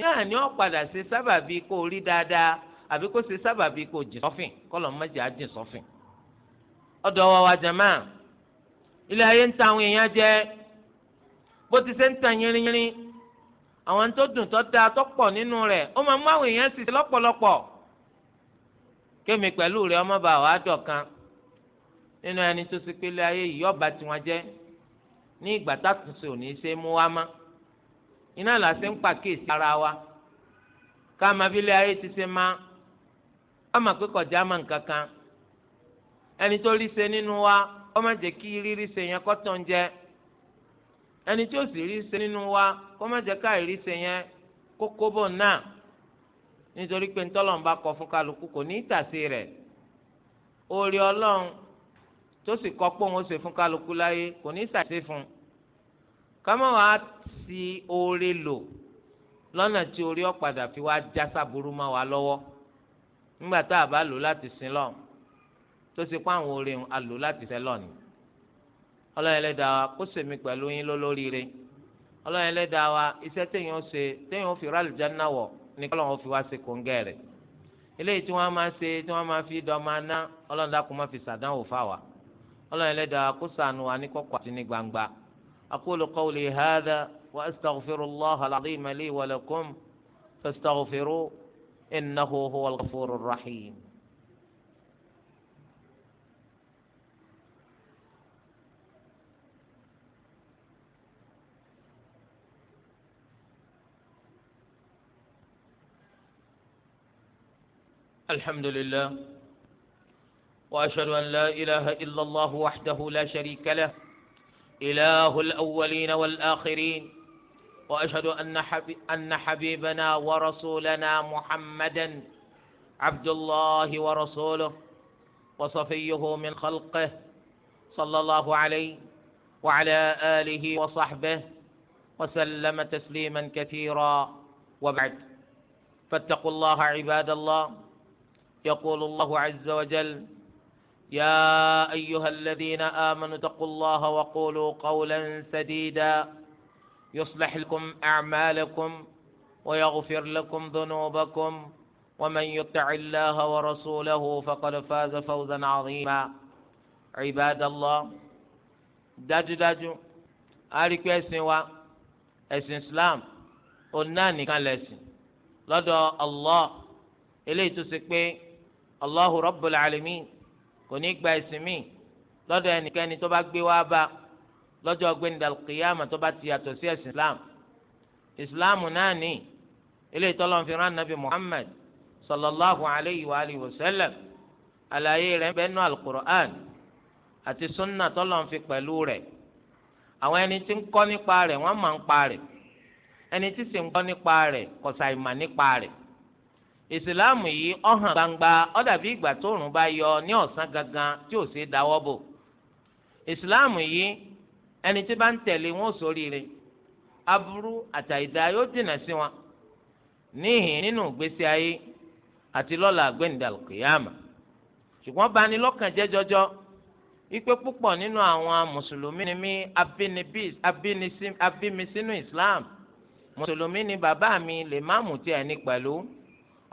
yáà ni wọ́n padà ṣe sábàbí kó rí dáadáa àbí kó ṣe sábàbí kó jìn sọ́fìn kọ́lọ́ mọ́jà jìn sọ́fìn ọ̀dọ̀ wa wa jàmáà. ilé ayé ń ta àwọn èèyàn jẹ bó ti ṣe ń ta yínrínyínrín àwọn tó dùn tó da tó pọ nínú rẹ ó máa mú àwọn èèyàn sì lọpọlọpọ kémi pẹ̀lú rẹ̀ ọmọ bá wàá dọ̀kan nínú ẹni tó ṣe pé ilé ayé yìí ọba tiwọn jẹ ní ìgbà tàtúnṣe ò ní ṣe mú wa má iná làṣẹ ń pàkíyèsí ara wa ká máa bí ilé ayé ti ṣe má ká máa pé kọjá máa ń kó má jẹ́ kí rírí ṣe yẹn kó tàn jẹ ẹni tí ó sì rí ṣe nínú wa kó má jẹ́ ká rírí ṣe yẹn kó kóbò náà nítorí pé ntọ́lọ́n bá kọ fún kálukú kò ní ìtàsí rẹ̀ orí ọlọ́run tó sì kọ́ pé òun ó ṣe fún kálukú láyé kò ní ìtàsí fún un ká ti oore lò lọ́nà tí orí ọ̀padà fi wá já sábúrú mọ́ wa lọ́wọ́ nígbà tá a bá lò láti sin lọ́hùn tó ṣe pé àwọn orin alò láti fẹ́ lọ́ọ̀nì ọlọ́run ẹlẹ́dàá wa kó sèmi pẹ̀lú yín lólóríire ọlọ́run ẹlẹ́dàá wa iṣẹ́ téèyàn ṣe téèyàn fi rálì jáná wọ̀ ní kọ́lọ́run fi wá ṣe kóńgẹ́ rẹ̀ eléyìí tí wọ́n máa ṣe tí wọ́n máa fi dọ́mọ aná ọlọ́run dákun má fi ṣàdánwò fáwa ọlọ́run ẹlẹ́dàá kó ṣàánú wa ní kọ̀kọ̀ àti ní gbangba aqulu الحمد لله واشهد ان لا اله الا الله وحده لا شريك له اله الاولين والاخرين واشهد ان ان حبيبنا ورسولنا محمدا عبد الله ورسوله وصفيه من خلقه صلى الله عليه وعلى اله وصحبه وسلم تسليما كثيرا وبعد فاتقوا الله عباد الله يقول الله عز وجل يا ايها الذين امنوا اتقوا الله وقولوا قولا سديدا يصلح لكم اعمالكم ويغفر لكم ذنوبكم ومن يطع الله ورسوله فقد فاز فوزا عظيما عباد الله داج داج اريك اسن ẹ̀sìn اسن اسلام náà كان lẹ̀sìn لدى الله اليه تسكبي allahu rabbul alamin kò ní gba ẹ̀sìn mi lọ́dọ̀ ẹnikẹ́ni tó bá gbé wá bá lọ́jọ́ gbẹ̀ndàl kìyàmà tó bá ti yàtọ̀ sí ẹ̀sìn islam islam náà ni ilé ìtọ́lọ́n fi rán nabi muhammad sallallahu alayhi wa alihi wa sallam àlàyé rẹ̀ bẹ́nu alukur'an àti sunna tọ́lọ́n fi pẹ̀lú rẹ̀ àwọn ẹni tí ń kọ́ nípa rẹ̀ wọ́n máa ń pa rẹ̀ ẹni tí sì ń kọ́ nípa rẹ̀ kọ̀sà ìmà nípa rẹ̀ ìsìláàmù yìí ọ̀hàn gbangba ó dàbí ìgbà tóòrùn bá yọ ní ọ̀sán gangan tí ò sí dáwọ́ bò ìsìláàmù yìí ẹni tí bá ń tẹ̀lé wọn ò sóríire aburú àtàìdá yóò dènà sí wọn níhìn nínú ìgbésí ayé àti lọ́la àgbẹ̀ǹdàlù kìyàmà ṣùgbọ́n bani lọ́kàn jẹ́ jọjọ ipe púpọ̀ nínú àwọn mùsùlùmí ni mí abínisínú Islam mùsùlùmí ni bàbá mi lè má mú tiẹ̀ ní pẹ̀lú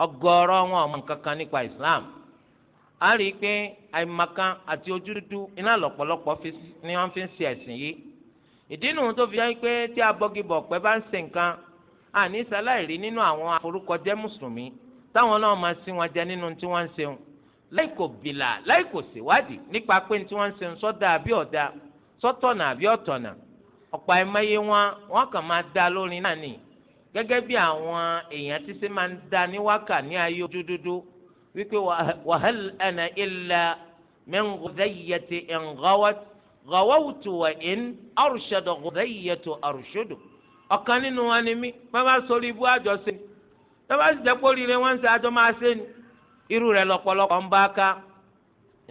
ọ̀gọ̀rọ̀ wọn ò mọ kankan nípa islam a rí i pé àìmọ̀kan àti ojú iná lọ́pọ̀lọpọ̀ ni wọ́n fi ń ṣe ẹ̀sìn yìí ìdí nu tó fi yẹ pé tí abọ́gibọ̀ pẹ́ bá ń ṣe nǹkan àní sáláìrí nínú àwọn aforúkọjẹ́ mùsùlùmí táwọn náà máa sí wọn jẹ nínú tí wọ́n ń ṣeun láì kò bìlà láì kò ṣèwádìí nípa pé tí wọ́n ń ṣeun sọ́dà àbí ọ̀dà sọ́tọ̀nà àbí ọ̀tọ̀nà ọ̀pọ̀ àìmọye wọn wọn kàn máa dá lórí náà nìyí gẹ́gẹ́ bí àwọn èèyàn ti ṣe máa ń da ní wákà ní ayé dúdúdú wípé wàhálà ẹnà ilà mẹ́ngọ́dẹ́yẹtì ẹ̀ngọ́wọ́tì gawawutu wa in arusado gudayiyatu arusado ọ̀kan nínú wa ni mí bàbá sori ibú àjọṣe bàbá sì jẹ́ kórìí rẹ wọ́n ń ṣe àjọ máa ṣe ni irú rẹ̀ lọ́pọ̀lọpọ̀ ń bá ká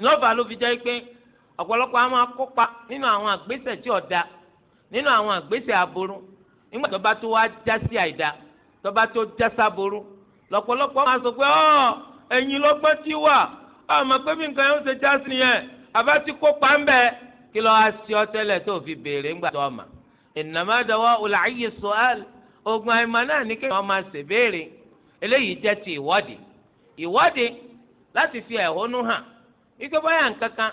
lọ́ọ̀bà ló fi jẹ́ pé ọ̀pọ̀lọpọ̀ á máa nínú àwọn àgbésẹ̀ tí ọ̀dà nínú àwọn àgbésẹ̀ aburú nígbà tó bá tó wá já sí àìda tó bá tó já sáboru lọ́pọ̀lọpọ̀ máa sọ pé ọ ẹ̀yin lọ́gbọ́n ti wà ọmọ pé bí nǹkan yẹn ń ṣe já sí yẹn àbá ti kópa ń bẹ kí lọ́ọ́ aṣọ ọtẹ́lẹ̀ tó fi béèrè ńgbà tó ọmọ ìnàmá dọwọ́ ọ̀làyé sọ́àl ogun àìmọ̀ náà ní kéwọn máa ṣe béèrè eléyìí jẹ́ ti ìwọ́de ìwọ́de láti fi ẹ̀hónú hàn wípé báyà nǹkankan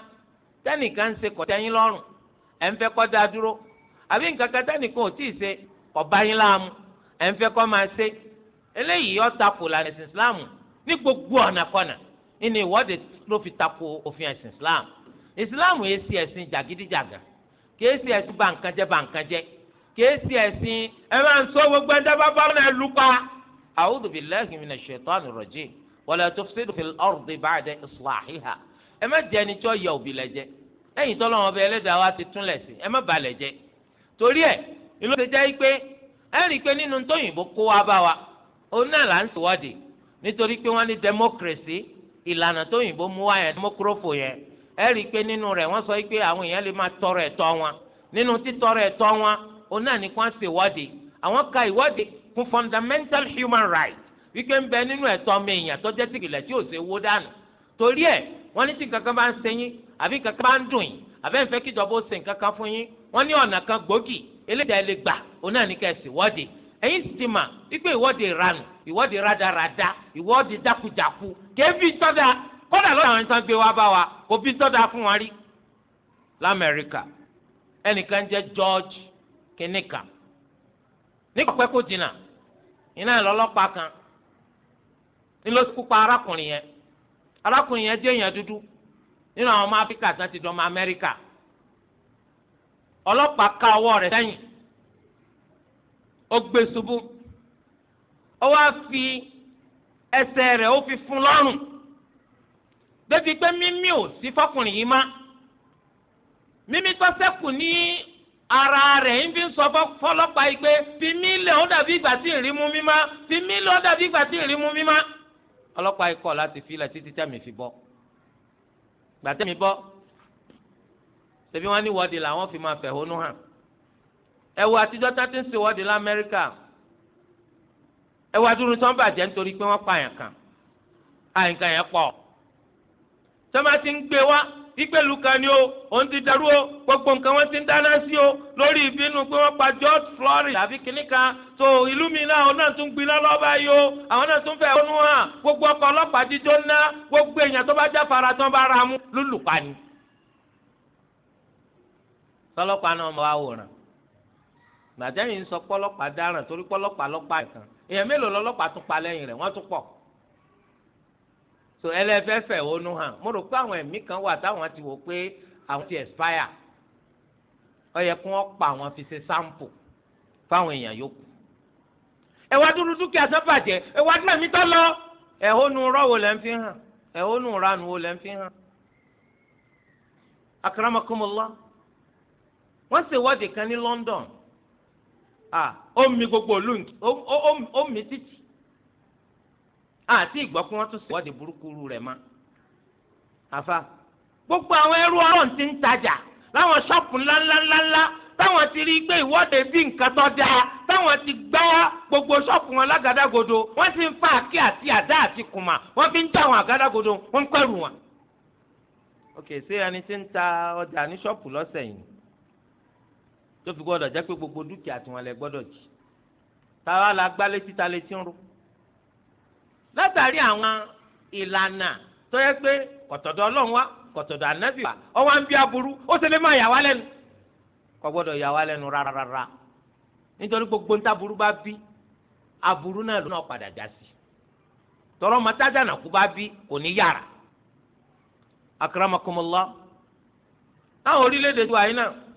tẹ́nìkan ń ṣe kọ̀tẹ́yìn lọ́rùn ẹ̀ ń fẹ́ kọ́ da àbí nǹkankan tẹ́nìkan ò tíì ṣe kò bá yín láàmú ẹ̀ ń fẹ́ kọ́ máa ṣe eléyìí ó tako ìlànà ẹ̀sìn islam ní gbogbo ọ̀nà kọ́nà nínú ìwọ́de ló fi tako òfin ẹ̀sìn islam islam yìí ṣe ẹ̀sìn jàgídíjàgà kìí ṣe ẹ̀sìn bàǹkanjẹ́ bàǹkanjẹ́ kìí ṣe ẹ̀sìn ẹ máa ń sọ gbogbo ẹ̀dá bàbá rẹ̀ lùpà. a'udhu billahi minash shaitani rajim wala tufsidu fil ardi ba'da islahiha ẹ má jẹ́ ẹni tí ó yẹ òbí ẹ ìlú ti jẹ́ pé ẹ rí i pé nínú tóyìnbó kó wa bá wa òun náà là ń ṣèwádìí nítorí pé wọ́n ní democracy ìlànà tóyìnbó mú wa yẹn democrofo yẹn ẹ rí i pé nínú rẹ̀ wọ́n sọ pé àwọn èèyàn lè máa tọrọ ẹ̀tọ́ wọn nínú títọrọ ẹ̀tọ́ wọn òun náà ní kó wọ́n ṣèwádìí àwọn ka ìwádìí fún fundamental human right. wípé ń bẹ nínú ẹ̀tọ́ mi èèyàn tó jẹ́ tìkìlẹ̀ tí ò ṣe wó dànù torí ẹ̀ wọ́n ní tí kankan bá ń ṣe yín àbí kankan bá ń dùn yín àbẹ́ kíjọba ó ṣe nǹkan kan fún yín wọ́n ní ọ̀nà kan gbòógì eléyìí lè gbà òun náà ní ká ẹ sì wọ́de ẹ̀yin sì ti mà wípé ìwọ́de ìranù ìwọ́de rádaràda ìwọ́de jákujàku kébí tọ́da kọ́dà àwọn ìtàn gbé wá bá wa kò bí tọ́da fún wa rí ẹnìkan George kìnìkan nígbà pẹ́ kó jìnnà iná ìlọ́lọ́pàá kan nílò tó arákùnrin yẹn arákùnrin yẹn jẹ́ èèyàn dúdú nínú àwọn ọmọ áfíríkà tán ti amẹ́ríkà ọlọ́pàá ká ọwọ́ rẹ̀ sẹ́yìn ó gbé ṣubú ó wá fi ẹsẹ̀ rẹ̀ ó fi fún lọ́rùn débi pé mímí ò sí fọkùnrin yìí má mímí tó ṣẹ́kù ní ara rẹ̀ ń fi sọ fọlọ́pàá yìí pé fi mí lẹ̀ ó dàbí ìgbà tí ìrí mú mi fi mí lẹ̀ ó dàbí ìgbà tí ìrí mú mi má yìí kọ̀ láti fi ilẹ̀ títí tẹ̀mí fi bọ́ gbàtẹ́mi bọ́ ṣebí wọ́n ní wọ́ọ̀dì làwọn fi máa fẹ̀hónú hàn ẹ wo àtijọ́ tá ti ń ṣe wọ́ọ̀dì lamẹ́ríkà ẹ wo adúrú tó ń bàjẹ́ nítorí pé wọ́n pààyàn kan àyìnká yẹn pọ̀ tọ́mà ti ń gbé wá ìgbèlú kan ni o òun ti dàrú o gbogbo nǹkan wọn ti ń dáná sí o lórí ìbínú pé wọ́n pa George Floyd àfi kínní kan tó ìlú mi náà àwọn náà tún gbiná lọ́ba yìí o àwọn náà tún fẹ́ ọ̀nù hàn gbogbo ọkọ̀ ọlọ́pàá jíjó ńlá gbogbo èèyàn tó bá jáfara tán bá ra mú lùlùpàá ni. tọlọpàá náà mọ àwòrán gbàtẹ́ nsọ ń sọ pọlọpàá dáràn torí pọlọpàá lọ́pàá ẹ̀kan èèyàn mélòó tún pa lẹ́yìn rẹ̀ wọ́n tún pọ̀ so ẹlẹ́fẹ́fẹ́ onú hàn mo rò pé àwọn ẹ̀mí kan wà táwọn ti wò pé àwọn ti expire yẹ pa àwọn fi ṣe sample fáwọn èèyàn yòókù dúró dúkìá dúró lọ ẹ̀hónú rọ́wọ́ lẹ́ ń fi hàn ẹ̀hónú ránu wo wọ́n ṣèwọ́de kan ní London ó mi gbogbo òlù ó mi títì àti ìgbọ́ pé wọ́n tún ṣèwọ́de burúkú rẹ̀ mọ́ àfa gbogbo àwọn ẹrú ọlọ́run ti ń tajà láwọn ṣọ́ọ̀pù ńláńláńláńlá táwọn ti rí i pé ìwọ́de bí nǹkan tó dáa táwọn ti gbá gbogbo ṣọ́ọ̀pù wọn lágàdàgodo wọ́n ti ń fa àkí àti àdá àti kùmà wọ́n fi ń tà wọn àgàdàgodo wọ́n ń pẹ̀rù wọn. ok ṣé ẹni tí ń ta ọjà ní ṣọ́ọ̀pù lọ́sẹ̀ yìí tó gbọdọ gbọ́dọ̀ jẹ́ pé gbogbo dúkìá tiwọn lẹ gbọdọ jì táwa la gbá létí ta létí ń rú látàrí àwọn ìlànà tó yẹ pé kọtọdọ ọlọ́run wá kọtọdọ ànábì wá ọwọ́ bí aburú ó lè má lẹ́nu lẹ́nu rárára gbogbo ń taburú bá bí aburú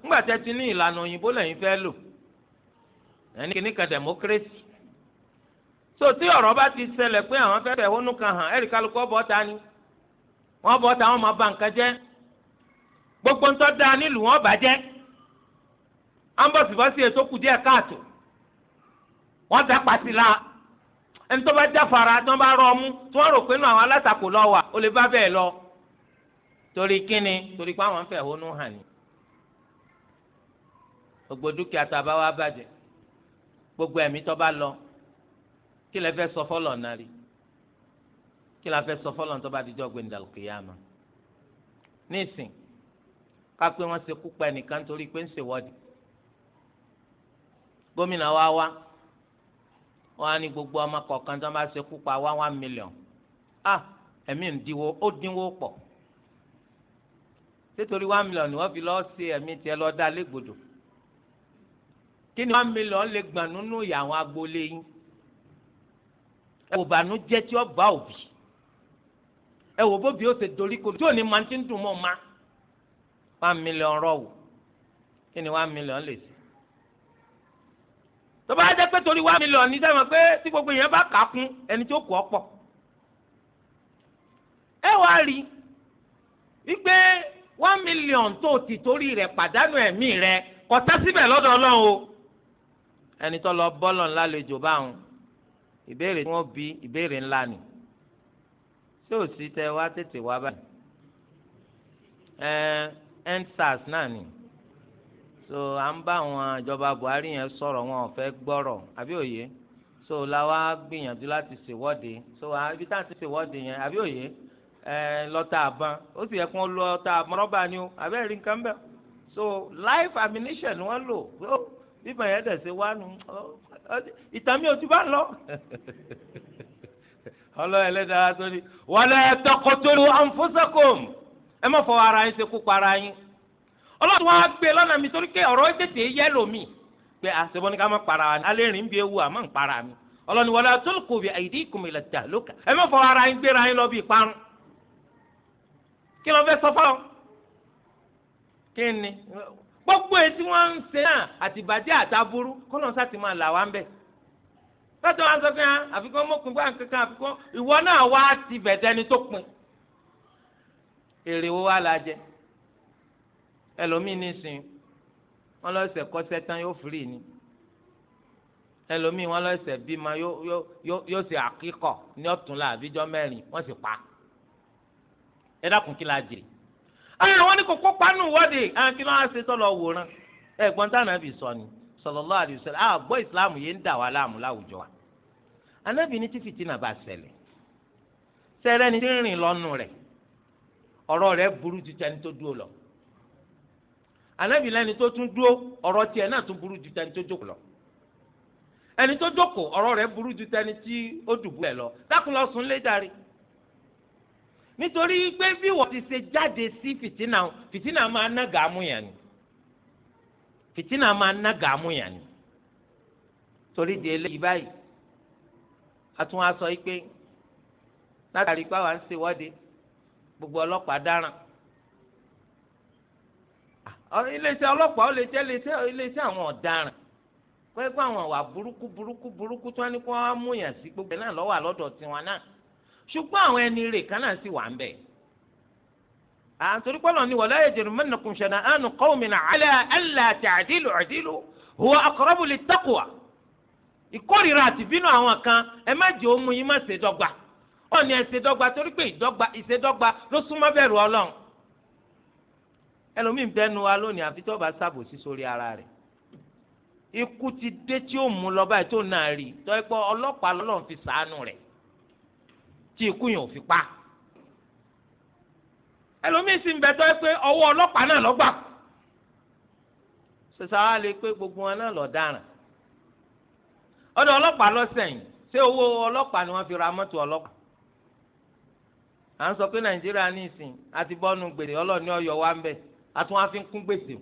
ńgbà tẹ́ ti ní ìlànà òyìnbó lẹ́yìn fẹ́ lò ẹni kìíní kan democracy so tí ọ̀rọ̀ bá ti ṣẹlẹ̀ pé àwọn fẹ́ fẹ̀hónú kan hàn ẹ̀rí kálukọ́ bọ́ ta ni wọ́n bọ́ ta wọ́n máa ba nǹkan jẹ́ gbogbo ń tọ́ da nílùú wọn bàjẹ́ ambọ̀sibọ́sì ètò kù díẹ̀ káàtó wọ́n dá pàtì la ẹni tó bá já fara tó bá rọ ọmú tí wọ́n rò pé inú àwọn alátakò lọ wà ó lè bá bẹ́ẹ̀ lọ torí kíni torí pé àwọn fẹ̀hónú hàn ni gbogbo dúkìá tá a bá wá bàjẹ́ gbogbo ẹ̀mí tó bá lọ kí lẹ fẹ́ sọ fọlọ̀ náà rí kí lẹ fẹ́ sọ fọlọ̀ tó bá dijọ́ gbẹ̀ndàlù kìyàmà nísìn kápẹ́ wọn ṣe kú ẹnìkan torí pé ń ṣèwọ́de gómìnà wa wá wọn á ní gbogbo ọmọ kọ̀ọ̀kan tó bá ṣe kú wá one million ah ẹ̀mí ń dínwó ó dínwó pọ̀ nítorí one million ni wọ́n fi lọ́ọ́ ṣe ẹ̀mí tiẹ̀ lọ́ọ́ dá lẹ́gbọ̀dọ̀ kí ni one million lè gbà nínú ìyá àwọn agboolé yín ẹ wò bànújẹ́ tí ó bá òbí ẹ wò bóbi ó ṣe dorí kodò tí ò ní máa ti ń dùn mọ́ ma one million rọ̀ wò kí ni one million lè ṣe tó bá jẹ́ pé torí one million ní sẹ́wọ̀n pé tí gbogbo èèyàn bá kà á kún ẹni tó kù ọ́ pọ̀ ẹ wá rí wípé one million tó ti torí rẹ̀ pàdánù ẹ̀mí rẹ̀ kò sá síbẹ̀ lọ́dọ̀ ọlọ́run o ẹni tó lọ bọ́lọ̀ ńlá lejò báwọn ìbéèrè tí wọ́n bi ìbéèrè ńlá ni tí ò sí tẹ wá tètè wá báyìí ẹ endsars náà ni so à ń bá àwọn ìjọba Buhari yẹn sọ̀rọ̀ wọn ò fẹ́ gbọ́rọ̀ àbí òye so la wá gbìyànjú láti ṣèwọ́de so ibi tá à ń ti ṣèwọ́de yẹn àbí òye ẹ lọ́tà àbọ̀n ó sì yẹ kí wọ́n lọ́tà àbọ̀n rọ́bà ni o àbẹ́rẹ́ nǹkan bẹ́ẹ̀ so life ammunition wọ́n lò. So, bíbọn yẹn dẹ̀sẹ̀ wá nu ìtàmì òtún bá lọ. ọlọ́run ẹlẹ́dàá tó ní wala taqtulu anfusakum ẹ má fọ ara yín ṣekú pa ara yín. ọlọ́run wá gbé e lọ́nà mi torí pé ọ̀rọ̀ tètè yẹ lómi pé àṣebọ́ ni ká má para wa alẹ́ rìn bí ewu àmọ́ ń para mi. ọlọ́run ni wala tulqu bi aydikum ila tahluka ẹ má fọ ara yín gbéra yín lọ bí ìparun. kí ló fẹ́ sọ fáwọn gbogbo ètí wọn ń ṣe náà àtìbàjẹ́ àtàbúrú kọ́nà sá ti máa là wá ń bẹ̀. sọ́tọ̀ wa sọ pé hàn ah, àfikún mọ́kùn gbà kankan àfikún ìwọ náà wá ti bẹ̀tẹ̀ ni tó pin. èrè wo wá la jẹ ẹlòmíì nísìn wọn lọ ṣe kọ́ṣẹ́ tán yóò firi ni ẹlòmíì wọn lọ ṣe bímọ yóò ṣe àkíkọ ní ọ̀túnla àbíjọ mẹ́rin wọ́n sì pa ẹ dákun kí la jèrè. àwọn ní kò kópa nù wọ́de àwọn kí ló wá ṣe tọ́lọ̀ wòran ẹ̀gbọ́n táwọn àbí sọ ni sallallahu alaihi wasallam àgbọ̀ ah, ìsìláàmù yẹn ń dà wá láàmú láwùjọ wa anábì ní tí fìtínà bá ṣẹlẹ̀ ni tí ń rìn lọ́nu rẹ̀ ọ̀rọ̀ rẹ̀ burú ju tẹni tó dúró lọ anábì lẹ́ni tó tún dúró ọ̀rọ̀ tiẹ̀ náà tún burú ju tẹni lọ ẹni tó jókòó ọ̀rọ̀ nítorí pé bí wọ́n ti ṣe jáde sí fìtínà fìtínà máa ná gàámù yẹn ni fìtínà máa ná gàámù yẹn ni torí di eléyìí báyìí a tún wá sọ yìí pé látàrí pé àwa ń ṣèwọ́de gbogbo ọlọ́pàá dáràn iléeṣẹ́ ọlọ́pàá ó lè jẹ́ iléeṣẹ́ àwọn ọ̀daràn pé pé àwọn àwà burúkú burúkú burúkú tí wọ́n ní kó wọ́n mú yàn sí gbogbo náà lọ́wọ́ àlọ́dọ̀ tiwọn náà ṣùgbọ́n àwọn ẹni rè kan náà sì wà ń bẹ̀. àtúntò pọ́lọ̀ ni wala yajrimannakum shana'anu qawmin ala alla ta'dilu i'dilu huwa aqrabu lit-taqwa ìkórìíra àti bínú àwọn kan ẹ má jẹ́ òmu yín má ṣe dọ́gba wọ́n ní ẹ ṣe dọ́gba torí pé ìdọ́gba ìṣedọ́gba ló súnmọ́ bẹ̀rù ọlọ́run ẹlòmíín bẹnu wa lónìí tí ikú yẹn ò fi pa ẹlòmíì sì ń bẹ tọ́ ẹ pé ọwọ́ ọlọ́pàá náà lọ́gbà ṣèṣà wa lè pé gbogbo wọn náà lọ dáràn ọ̀dọ̀ ọlọ́pàá lọ́sẹ̀yìn ṣé owó ọlọ́pàá ni wọ́n fi ra mọ́tò ọlọ́pàá à ń sọ pé nàìjíríà ní ìsìn àti bọ́ọ̀nù gbèrè ọlọ́ọ̀ni ọ̀yọ́ wa ń bẹ̀ àtúnwá fi ń kún gbèsè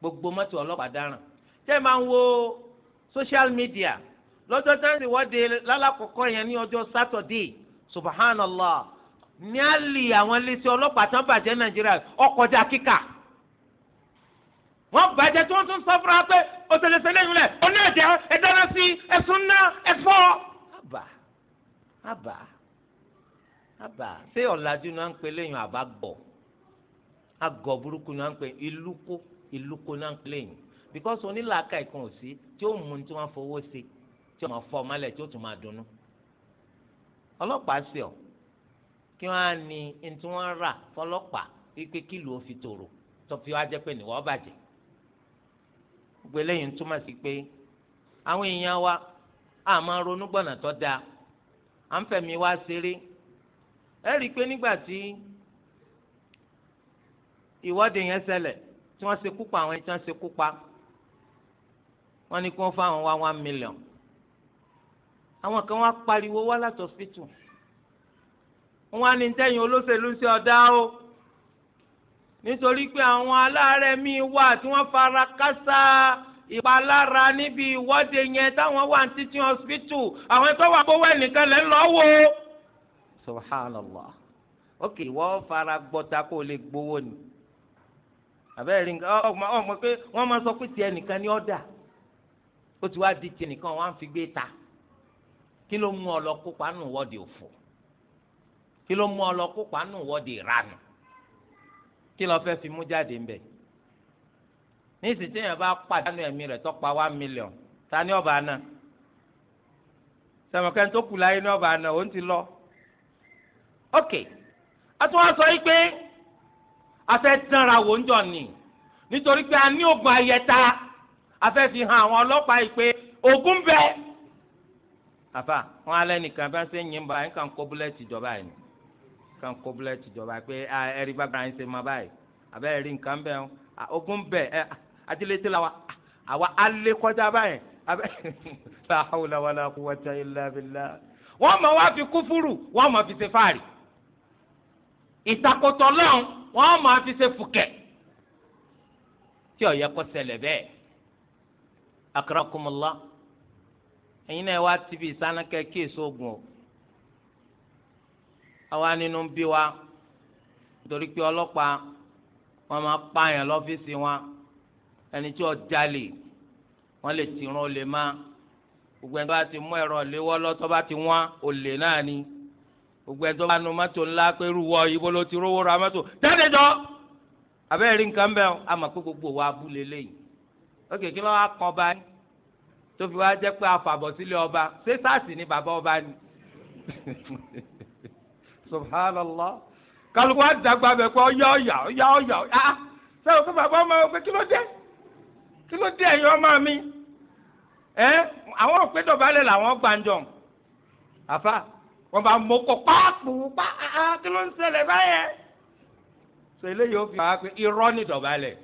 gbogbo mọ́tò ọlọ́pàá dáràn ṣé ẹ máa ń wo social media lọ́jọ́ tẹ́ǹsì wọ́de lálákọ̀ọ́kọ́ yẹn ní ọjọ́ sátọ̀dẹ̀ẹ́ subhanallah ní àlè àwọn iléeṣẹ́ ọlọ́pàá tán bàjẹ́ nàìjíríà ọkọjà kíkà wọ́n bàjẹ́ tí wọ́n tún sọ fúnra pé òtẹlẹsẹ lẹ́yìn rẹ̀ ọ̀nà ẹ̀jẹ̀ ẹ̀dáná sí ẹ̀sùn náà ẹ̀fọ́. àbà àbà àbà ṣé ọ̀làjú náà ń pè lẹ́yìn àbá gbọ̀ àgọ̀ burúkú náà ń pè ìlú kó ìlú kó náà ń pè lẹ́yìn because onílàákà ìkan ò sí tí ó mú tí wọ́n fowó ṣe tí wọ́n fọ́ ọmọlẹ̀ tí ó tún máa dunnú ọlọ́pàá sí ọ kí wọ́n á ní ní tí wọ́n rà fọlọ́pàá wípé kílù ó fi tòrò tó fi wá jẹ́ pé nìwọ́ bàjẹ́ gbogbo eléyìí ń túmọ̀ sí pé àwọn èèyàn wa a máa ronú gbọ̀nà tó dáa à ń fẹ̀mí wá ṣeré ẹ rí i pé nígbà tí ìwọ́de yẹn ṣẹlẹ̀ tí wọ́n ṣekú pa àwọn ẹni tí wọ́n ṣekú pa wọ́n ní kí wọ́n fáwọn wá one million àwọn kan wá pariwo wá láti ọ̀sìpìtù wọn wá ní tẹ́yìn olóṣèlú sí ọ̀dá o nítorí pé àwọn aláàárẹ̀ míì wà tí wọ́n fara kásá ìpalára níbi ìwọ́de yẹn táwọn wà ní teaching hospital àwọn tó wà gbówó ẹnìkan lẹ́ ń lọ wò. subhanallah ok wọ́n fara gbọ́ta kó lè gbowó ni àbẹ́rẹ́ ọmọ pé wọ́n máa sọ pé tiẹ̀ nìkan ni ọ̀dà ó ti wá di tiẹ̀ nìkan wọ́n á fi gbé ta kí ló mú ọ lọ kópa nù wọ́ọ̀dì òfò kí ló mú ọ lọ kópa nù wọ́ọ̀dì ìranù kí ló fẹ́ fi mú jáde ń bẹ̀ ní ìsìtẹ́ yẹn bá pàdánù ẹ̀mí rẹ̀ tọ́pa one million ta ni ọba náà sẹ̀mọ̀kẹ́ tó kù láyé ní ọba náà òun ti lọ. ok àtúwọ́n sọ yìí pé a fẹ́ wò ń jọ nì nítorí pé a ní oògùn ayẹta a fi hàn àwọn ọlọ́pàá yìí pé oògùn bẹ́ẹ̀ àfà wọn alẹ́ nìkan bá ń sẹ́ yín bá yín kàn kó búlẹ́ẹ̀tì jọba yìí kàn kó búlẹ́ẹ̀tì jọba pé ẹ̀rí bàbá yín ṣe máa báyìí àbẹ́ ẹ̀rí nǹkan bẹ́ẹ̀ ogun bẹ̀ ẹ̀ adílétí la wa àwa alẹ́ kọjá báyìí àbẹ́ la hawla wala quwwata illa billah wọ́n mọ̀ wá fi kúfúrù wọ́n mọ̀ fi ṣe fáàrí ìtakòtò lọ́hùn wọ́n máa fi ṣe fùkẹ́ tí ó yẹ kó ṣẹlẹ̀ bẹ́ẹ̀ akramakumullah ẹ̀yin náà wá tv ìsánákẹ́ kí èso oògùn o àwa nínú bí wa nítorí pé ọlọ́pàá wọn máa pààyàn lọ́fíìsì wọn ẹni tí ó jalè wọn lè ti rán olè má gbogbo ẹni tó bá ti mú ẹ̀rọ léwọ́ lọ́tọ́ bá ti wọ́n olè náà ni gbogbo ẹni tó bá nu mọ́tò ńlá pẹ̀lú wọ ibo ló ti rówó ra mọ́tò jáde jọ abẹ́rẹ́ rí nǹkan bẹ́ẹ̀ àmọ́ pé gbogbo wa abúlé lẹ́yìn ó kèké lọ́wọ́ akọba yín tó fi wá jẹ́ pé afàbọ̀ sílé ọba ṣé sáàsì ni bàbá ọba ni subhanallah kálukú wa dàgbà bẹ̀ pé ọ̀yà ọ̀yà ọ̀yà ọ̀yà ah sẹ́wọ̀n pé bàbá ọmọ ọgbẹ́ kí ló dé kí ló dé ẹ̀yin ọmọ mi ẹ àwọn òpédọ̀bálẹ̀ làwọn gbàǹjọ̀ àfa wọn bá mọ́kọ páàpù pa kí ló ń ṣẹlẹ̀ báyẹn sọ eléyìí ó fi hàn pé irọ́ ni dọ̀bálẹ̀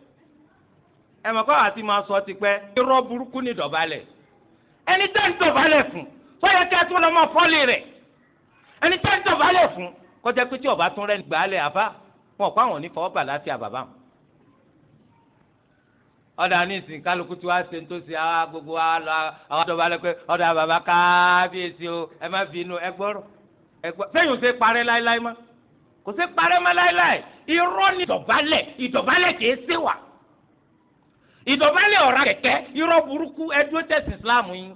ẹ mọ̀ kọ́ àti máa sọ ti pẹ́ irọ́ burúkú ni dọ̀bálẹ̀ ẹni tẹ́ ń dọ̀bálẹ̀ fún sọ́yẹ kí a tún lọ́ mọ́ fọ́ọ̀lì rẹ̀ ẹni tẹ́ ń dọ̀bálẹ̀ fún kọjá pé tí ọba tún rẹ̀ gbàálẹ̀ àbá wọn kó àwọn onífọwọ́ bà láti àbàbà wọn. ọ̀dà ní ìsìn kálukú tí wàá ṣe ń tó ṣe àwa gbogbo àwa dọ̀bálẹ̀ pé ọ̀dà bàbá kábíyèsí o ẹ má fi inú ẹgbọ́rọ̀ ẹgbọ́ sẹ́yìn ò ṣe parẹ́ láéláé mọ́ kò ìdọ̀bálẹ̀ ọ̀rá kẹ̀kẹ́ irọ́ burúkú ẹdúró tẹ̀sí islam yín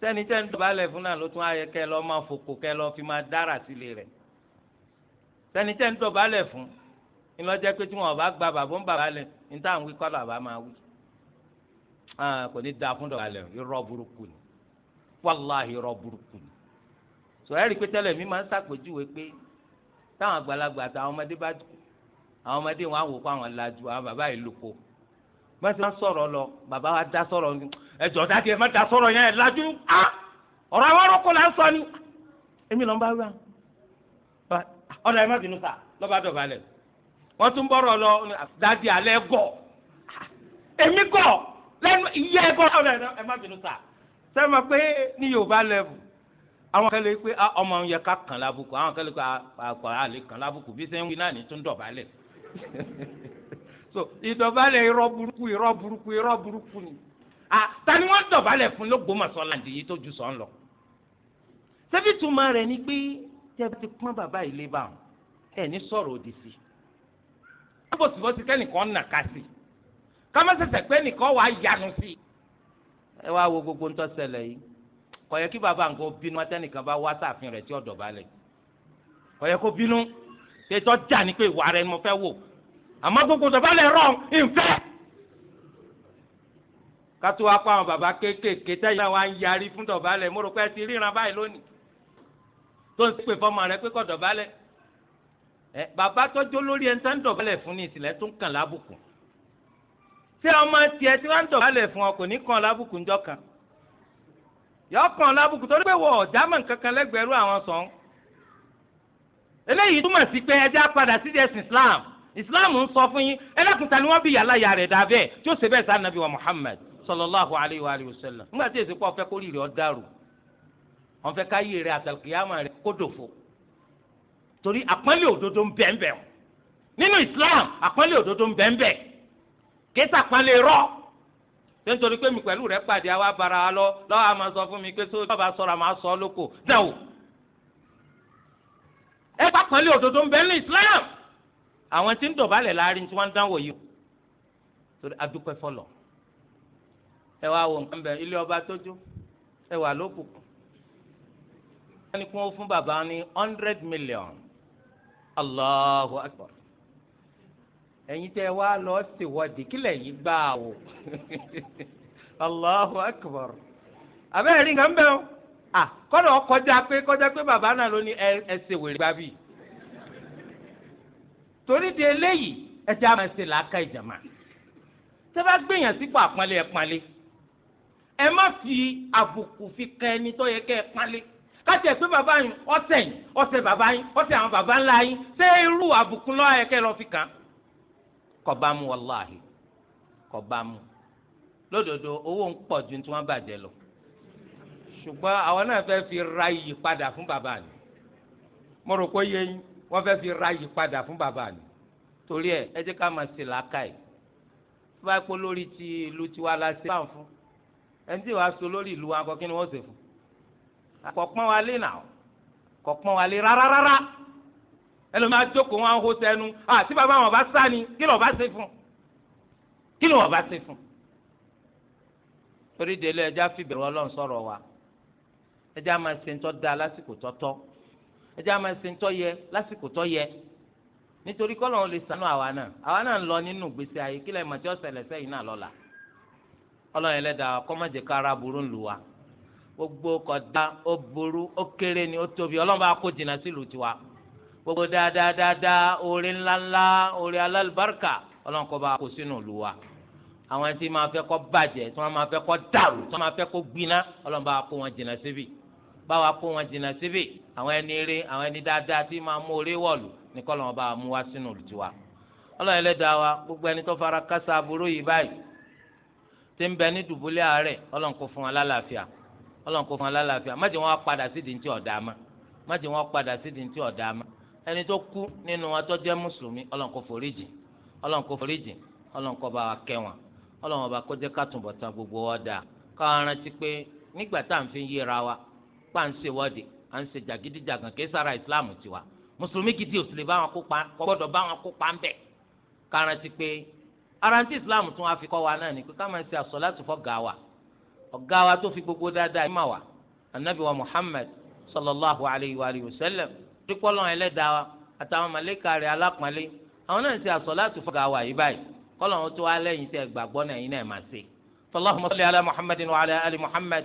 sẹ́ni tẹ́ ń dọ̀bálẹ̀ fún náà ló tún ayẹ kẹ́ lọ́ máa fòkò kẹ́ lọ́ fi máa dára sílé rẹ̀ sẹ́ni tẹ́ ń dọ̀bálẹ̀ fún ìlọ́jẹ́ pé tí wọn bá gba bàbá ń bàbá lẹ̀ ní táwọn wí kọ́lá bá máa wí kò ní da fún dọ̀bálẹ̀ irọ́ burúkú ni wàláhì irọ́ burúkú ni sọ ẹ́ rí pé tẹ́lẹ̀ mi máa ń ṣàpèjúwe bá ti máa sọ̀rọ̀ lọ bàbá wa dá sọ̀rọ̀ ni ẹjọ́ dájú ẹ má dá sọ̀rọ̀ yẹn ẹ lajú á ọ̀rọ̀ àwọn ọ̀rọ̀kọ̀ là ń sọ ni èmi lọ́n bá wá ọ̀dà ẹ má bínú sá lọ́ba dọ̀bálẹ̀ wọ́n tún bọ̀rọ̀ lọ dájú alẹ́ gọ̀ èmi gọ̀ lẹ́nu ìyá ẹ gọ̀ ọ̀dà ẹ má bínú sá sẹ́ẹ̀ ma pé ní Yorùbá lẹ́bù àwọn kan lè pé ọmọ yẹn ká kàn lábùkù àwọn kan lè pé àkọ́ àlè kàn lábùkù bí sẹ́yìn wí náà ní tún dọ̀bálẹ̀ so ìdọ̀bálẹ̀ irọ́ burúkú irọ́ burúkú irọ́ burúkú ni ah ta ni wọ́n dọ̀bálẹ̀ fún lÓgbómọ̀ṣọ́ làǹdì yìí tó ju sọ́n lọ. ṣebí túmọ̀ rẹ̀ ni pé tẹ́bí ti pọ́n bàbá ilé bá wọn ẹ̀ ní sọ̀rọ̀ òdì sí i. lábòsibọ́sí kẹ́nìkan nà ká sí i kámẹ́sẹ̀sẹ̀ pé nìkan wàá yanu sí i. ẹ wá wo gbogbo ń tó ṣẹlẹ̀ yìí kò yẹ kí bàbá nǹkan bínú atẹ́nìkan bá wá sáàfin rẹ̀ tí ó dọ̀bálẹ̀ kò yẹ kó bínú ṣètò jà ní pé ìwà rẹ̀ ni mo fẹ́ wò àmọ́ gbogbo sọ̀bálẹ̀ rọ̀ ìfẹ́. kátó wá pa àwọn bàbá kéékèèké tẹ́yìn náà wá ń yarí fún dọ̀bálẹ̀ mo rò pé ẹ ti ríran báyìí lónìí tó ń pè fọ́mọ rẹ pé kó dọ̀bálẹ̀ ẹ bàbá tọ́jú lórí ẹni tó ń dọ̀bálẹ̀ fún ní ìsìlẹ̀ tó ń kàn lábùkù tí ọmọ tiẹ̀ tí wọ́n ń dọ̀bálẹ̀ fún ọ kò ní kàn lábùkù ńjọ́ kan yọ kàn lábùkù torí pé wọ ọ̀jàmọ̀ kankan lẹ́gbẹ̀rún àwọn sọ̀n eléyìí túmọ̀ sí pé ẹjẹ́ á sí ẹ̀sìn Islam islam ń sọ fún yín ẹlẹ́kùnta ni wọ́n bí yàrá yàrá rẹ̀ dàbẹ́ tí ó ṣe bẹ́ẹ̀ sá nàbí wa muhammad sallallahu alayhi wa alihi wa sallam nígbà tí èsì pọ̀ ọ̀fẹ́ kó rírì ọ́ dàrú ọ̀fẹ́ ká yé rẹ̀ àtàlùkìyàmà rẹ̀ kó dòfo torí àpọ́nlé òdodo ń bẹ́ẹ̀nbẹ́ nínú islam àpọ́nlé òdodo ń bẹ́ẹ̀nbẹ́ kéésà àpọ́nlé rọ́ ṣé nítorí pé mi pẹ̀lú rẹ̀ pàdé àwa bara lọ lọ́wọ́ a máa sọ fún mi pé sóò bá sọ̀rọ̀ àmà sọ lóko dáwò ẹ pàpọ́nlé òdodo ń bẹ́ẹ̀ nínú islam àwọn tí ń dọ̀bálẹ̀ láàrin tí wọ́n ń dánwò yìí torí adúpẹ́ fọlọ̀ ẹ wá wo nǹkan bẹ ilé ọba tójú ẹ wà lóbùkún wọ́n ní kí wọ́n fún bàbá ní hundred million allahu akbar ẹ̀yin tẹ́ wá lọ ṣèwọ́de kílẹ̀ yìí gbà wò allahu akbar abẹ́rẹ́ rí nǹkan bẹ́ẹ̀ o kọ́dọ̀ kọjá pé kọjá pé bàbá náà ló ní ẹ ẹ ṣèwèrè gbà bíi torí di eléyìí ẹ ti àmọ̀ ṣe làákà ìjàmà tẹ́ bá gbìyàn sípò àpọ́nlé ẹ pọ́nlé ẹ má fi àbùkù fi kẹ ẹni tó yẹ kẹ́ ẹ pọ́nlé káti ẹ pé bàbá yín ọ̀tẹ̀ yín ọ̀tẹ̀ bàbá yín ọ̀tẹ̀ àwọn bàbá ńlá yín ṣé irú àbùkù lọ́wọ́ yẹ kẹ́ lọ fi kàn kò bá mu wàláhì kò bá mu lódodo owó ń pọ̀ ju tí wọ́n bàjẹ́ lọ ṣùgbọ́n àwọn náà fẹ́ fi ra iyì padà fún bàbá mi mo rò pé yẹ yín wọ́n fẹ́ fi ra yìí padà fún bàbá ni torí ẹ ẹ jẹ́ ká máa ṣe làákàyè tó bá kó lórí ti ìlú tiwa la ṣe báwọn fún ẹni tí wàá so lórí ìlú wa kọ́ kí ni wọ́n ṣe fún kọ̀ pọ́n wa lé nà kọ̀ pọ́n wa lé rárárárá ẹlòmíà jókòó wọn hó sẹ́nu àti bàbá wọn bá sá ni kí lọ́ọ́ bá ṣe fún kí lọ́ọ́ bá ṣe fún torí délé ẹjá fìbẹ̀rù ọlọ́run sọ̀rọ̀ wa ẹjá máa ṣe ń tọ́ da lásìkò tọ́tọ́ ẹjẹ́ a máa ṣe ń tọ́ yẹ lásìkò tọ́ yẹ nítorí kọ́ lọ́n lè sànú àwa náà àwa náà ń lọ nínú gbèsè ayé kílẹ̀ mọ̀tí ọ̀sẹ̀lẹ̀ sẹ́yìn náà lọ́la ọlọ́run ẹlẹ́dàá kọ́ má jẹ́ ká ara burú ń lu wa gbogbo kọ̀dá ó burú ó kéré ni ó tóbi ọlọ́run bá kó jìnnà sílùú tiwa gbogbo dáadáa dáadáa oore ńláńlá oore alálùbáríkà ọlọ́run kọ́ bá kó sínú lu wa àwọn tí máa fẹ́ kó bàjẹ́ tí wọ́n máa fẹ́ kó dàrú tí wọ́n máa fẹ́ kó gbiná ọlọ́run bá kó wọn jìnnà síbi. báwa kó wọn jìnnà síbì àwọn ẹni eré àwọn ẹni dáadáa tí máa mú orí wọ̀lù ní kọ́lọ́ wọn bá mú wá sínú olùtiwa wa gbogbo ẹni tó fara kásá aburú yìí báyìí tí ń bẹ ní dùbúlẹ̀ àárẹ̀ ọlọ́run kó fún wọn lálàáfíà ọlọ́run kó fún wọn lálàáfíà má wọn padà sídìí ma má wọn padà sídìí tí ọ̀dà ma ẹni tó kú nínú wọn tó mùsùlùmí pa à ń ṣe wọ́ọ̀dì à ń ṣe jàgídíjàgàn kí sára islam tiwa mùsùlùmí gidi ò sì lè bá wọn kópa gbọ́dọ̀ bá wọn kópa ń bẹ̀ karantí pé arántí islam tún wá fi kọ́ wa náà ni pé ká máa ṣe àsọ̀látù fọ́gá wa ọ̀gá wa tó fi gbogbo dáadáa ìmọ̀ wa anabi wa muhammad sallallahu alayhi wa alihi wa sallam rikpọlọn ẹlẹ́dàá wa àtàwọn màlàíkà rẹ̀ alápọ̀nlé àwọn náà ń ṣe àsọ̀látù fọ́gá wa yìí báyìí kọ́lọ́n tó wá lẹ́yìn tẹ́ gbàgbọ́ náà yìí náà máa ṣe. sallallahu alayhi wa sallam muhammadin wa alayhi muhammad.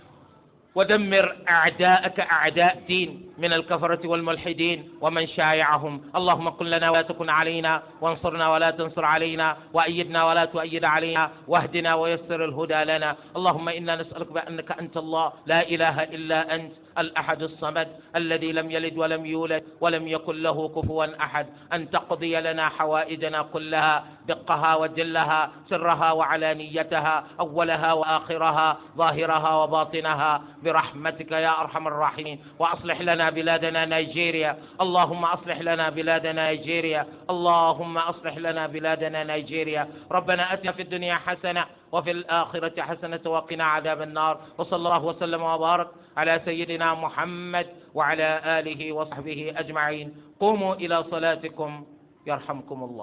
ودمر أعداءك أعداء دين من الكفرة والملحدين ومن شايعهم اللهم قل لنا ولا تكن علينا وانصرنا ولا تنصر علينا وأيدنا ولا تؤيد علينا واهدنا ويسر الهدى لنا اللهم إنا نسألك بأنك أنت الله لا إله إلا أنت الأحد الصمد الذي لم يلد ولم يولد ولم يكن له كفوا أحد أن تقضي لنا حوائجنا كلها دقها وجلها سرها وعلانيتها أولها وآخرها ظاهرها وباطنها برحمتك يا أرحم الراحمين وأصلح لنا بلادنا نيجيريا اللهم أصلح لنا بلادنا نيجيريا اللهم أصلح لنا بلادنا نيجيريا ربنا أتنا في الدنيا حسنة وفي الآخرة حسنة وقنا عذاب النار وصلى الله وسلم وبارك على سيدنا محمد وعلى آله وصحبه أجمعين قوموا إلى صلاتكم يرحمكم الله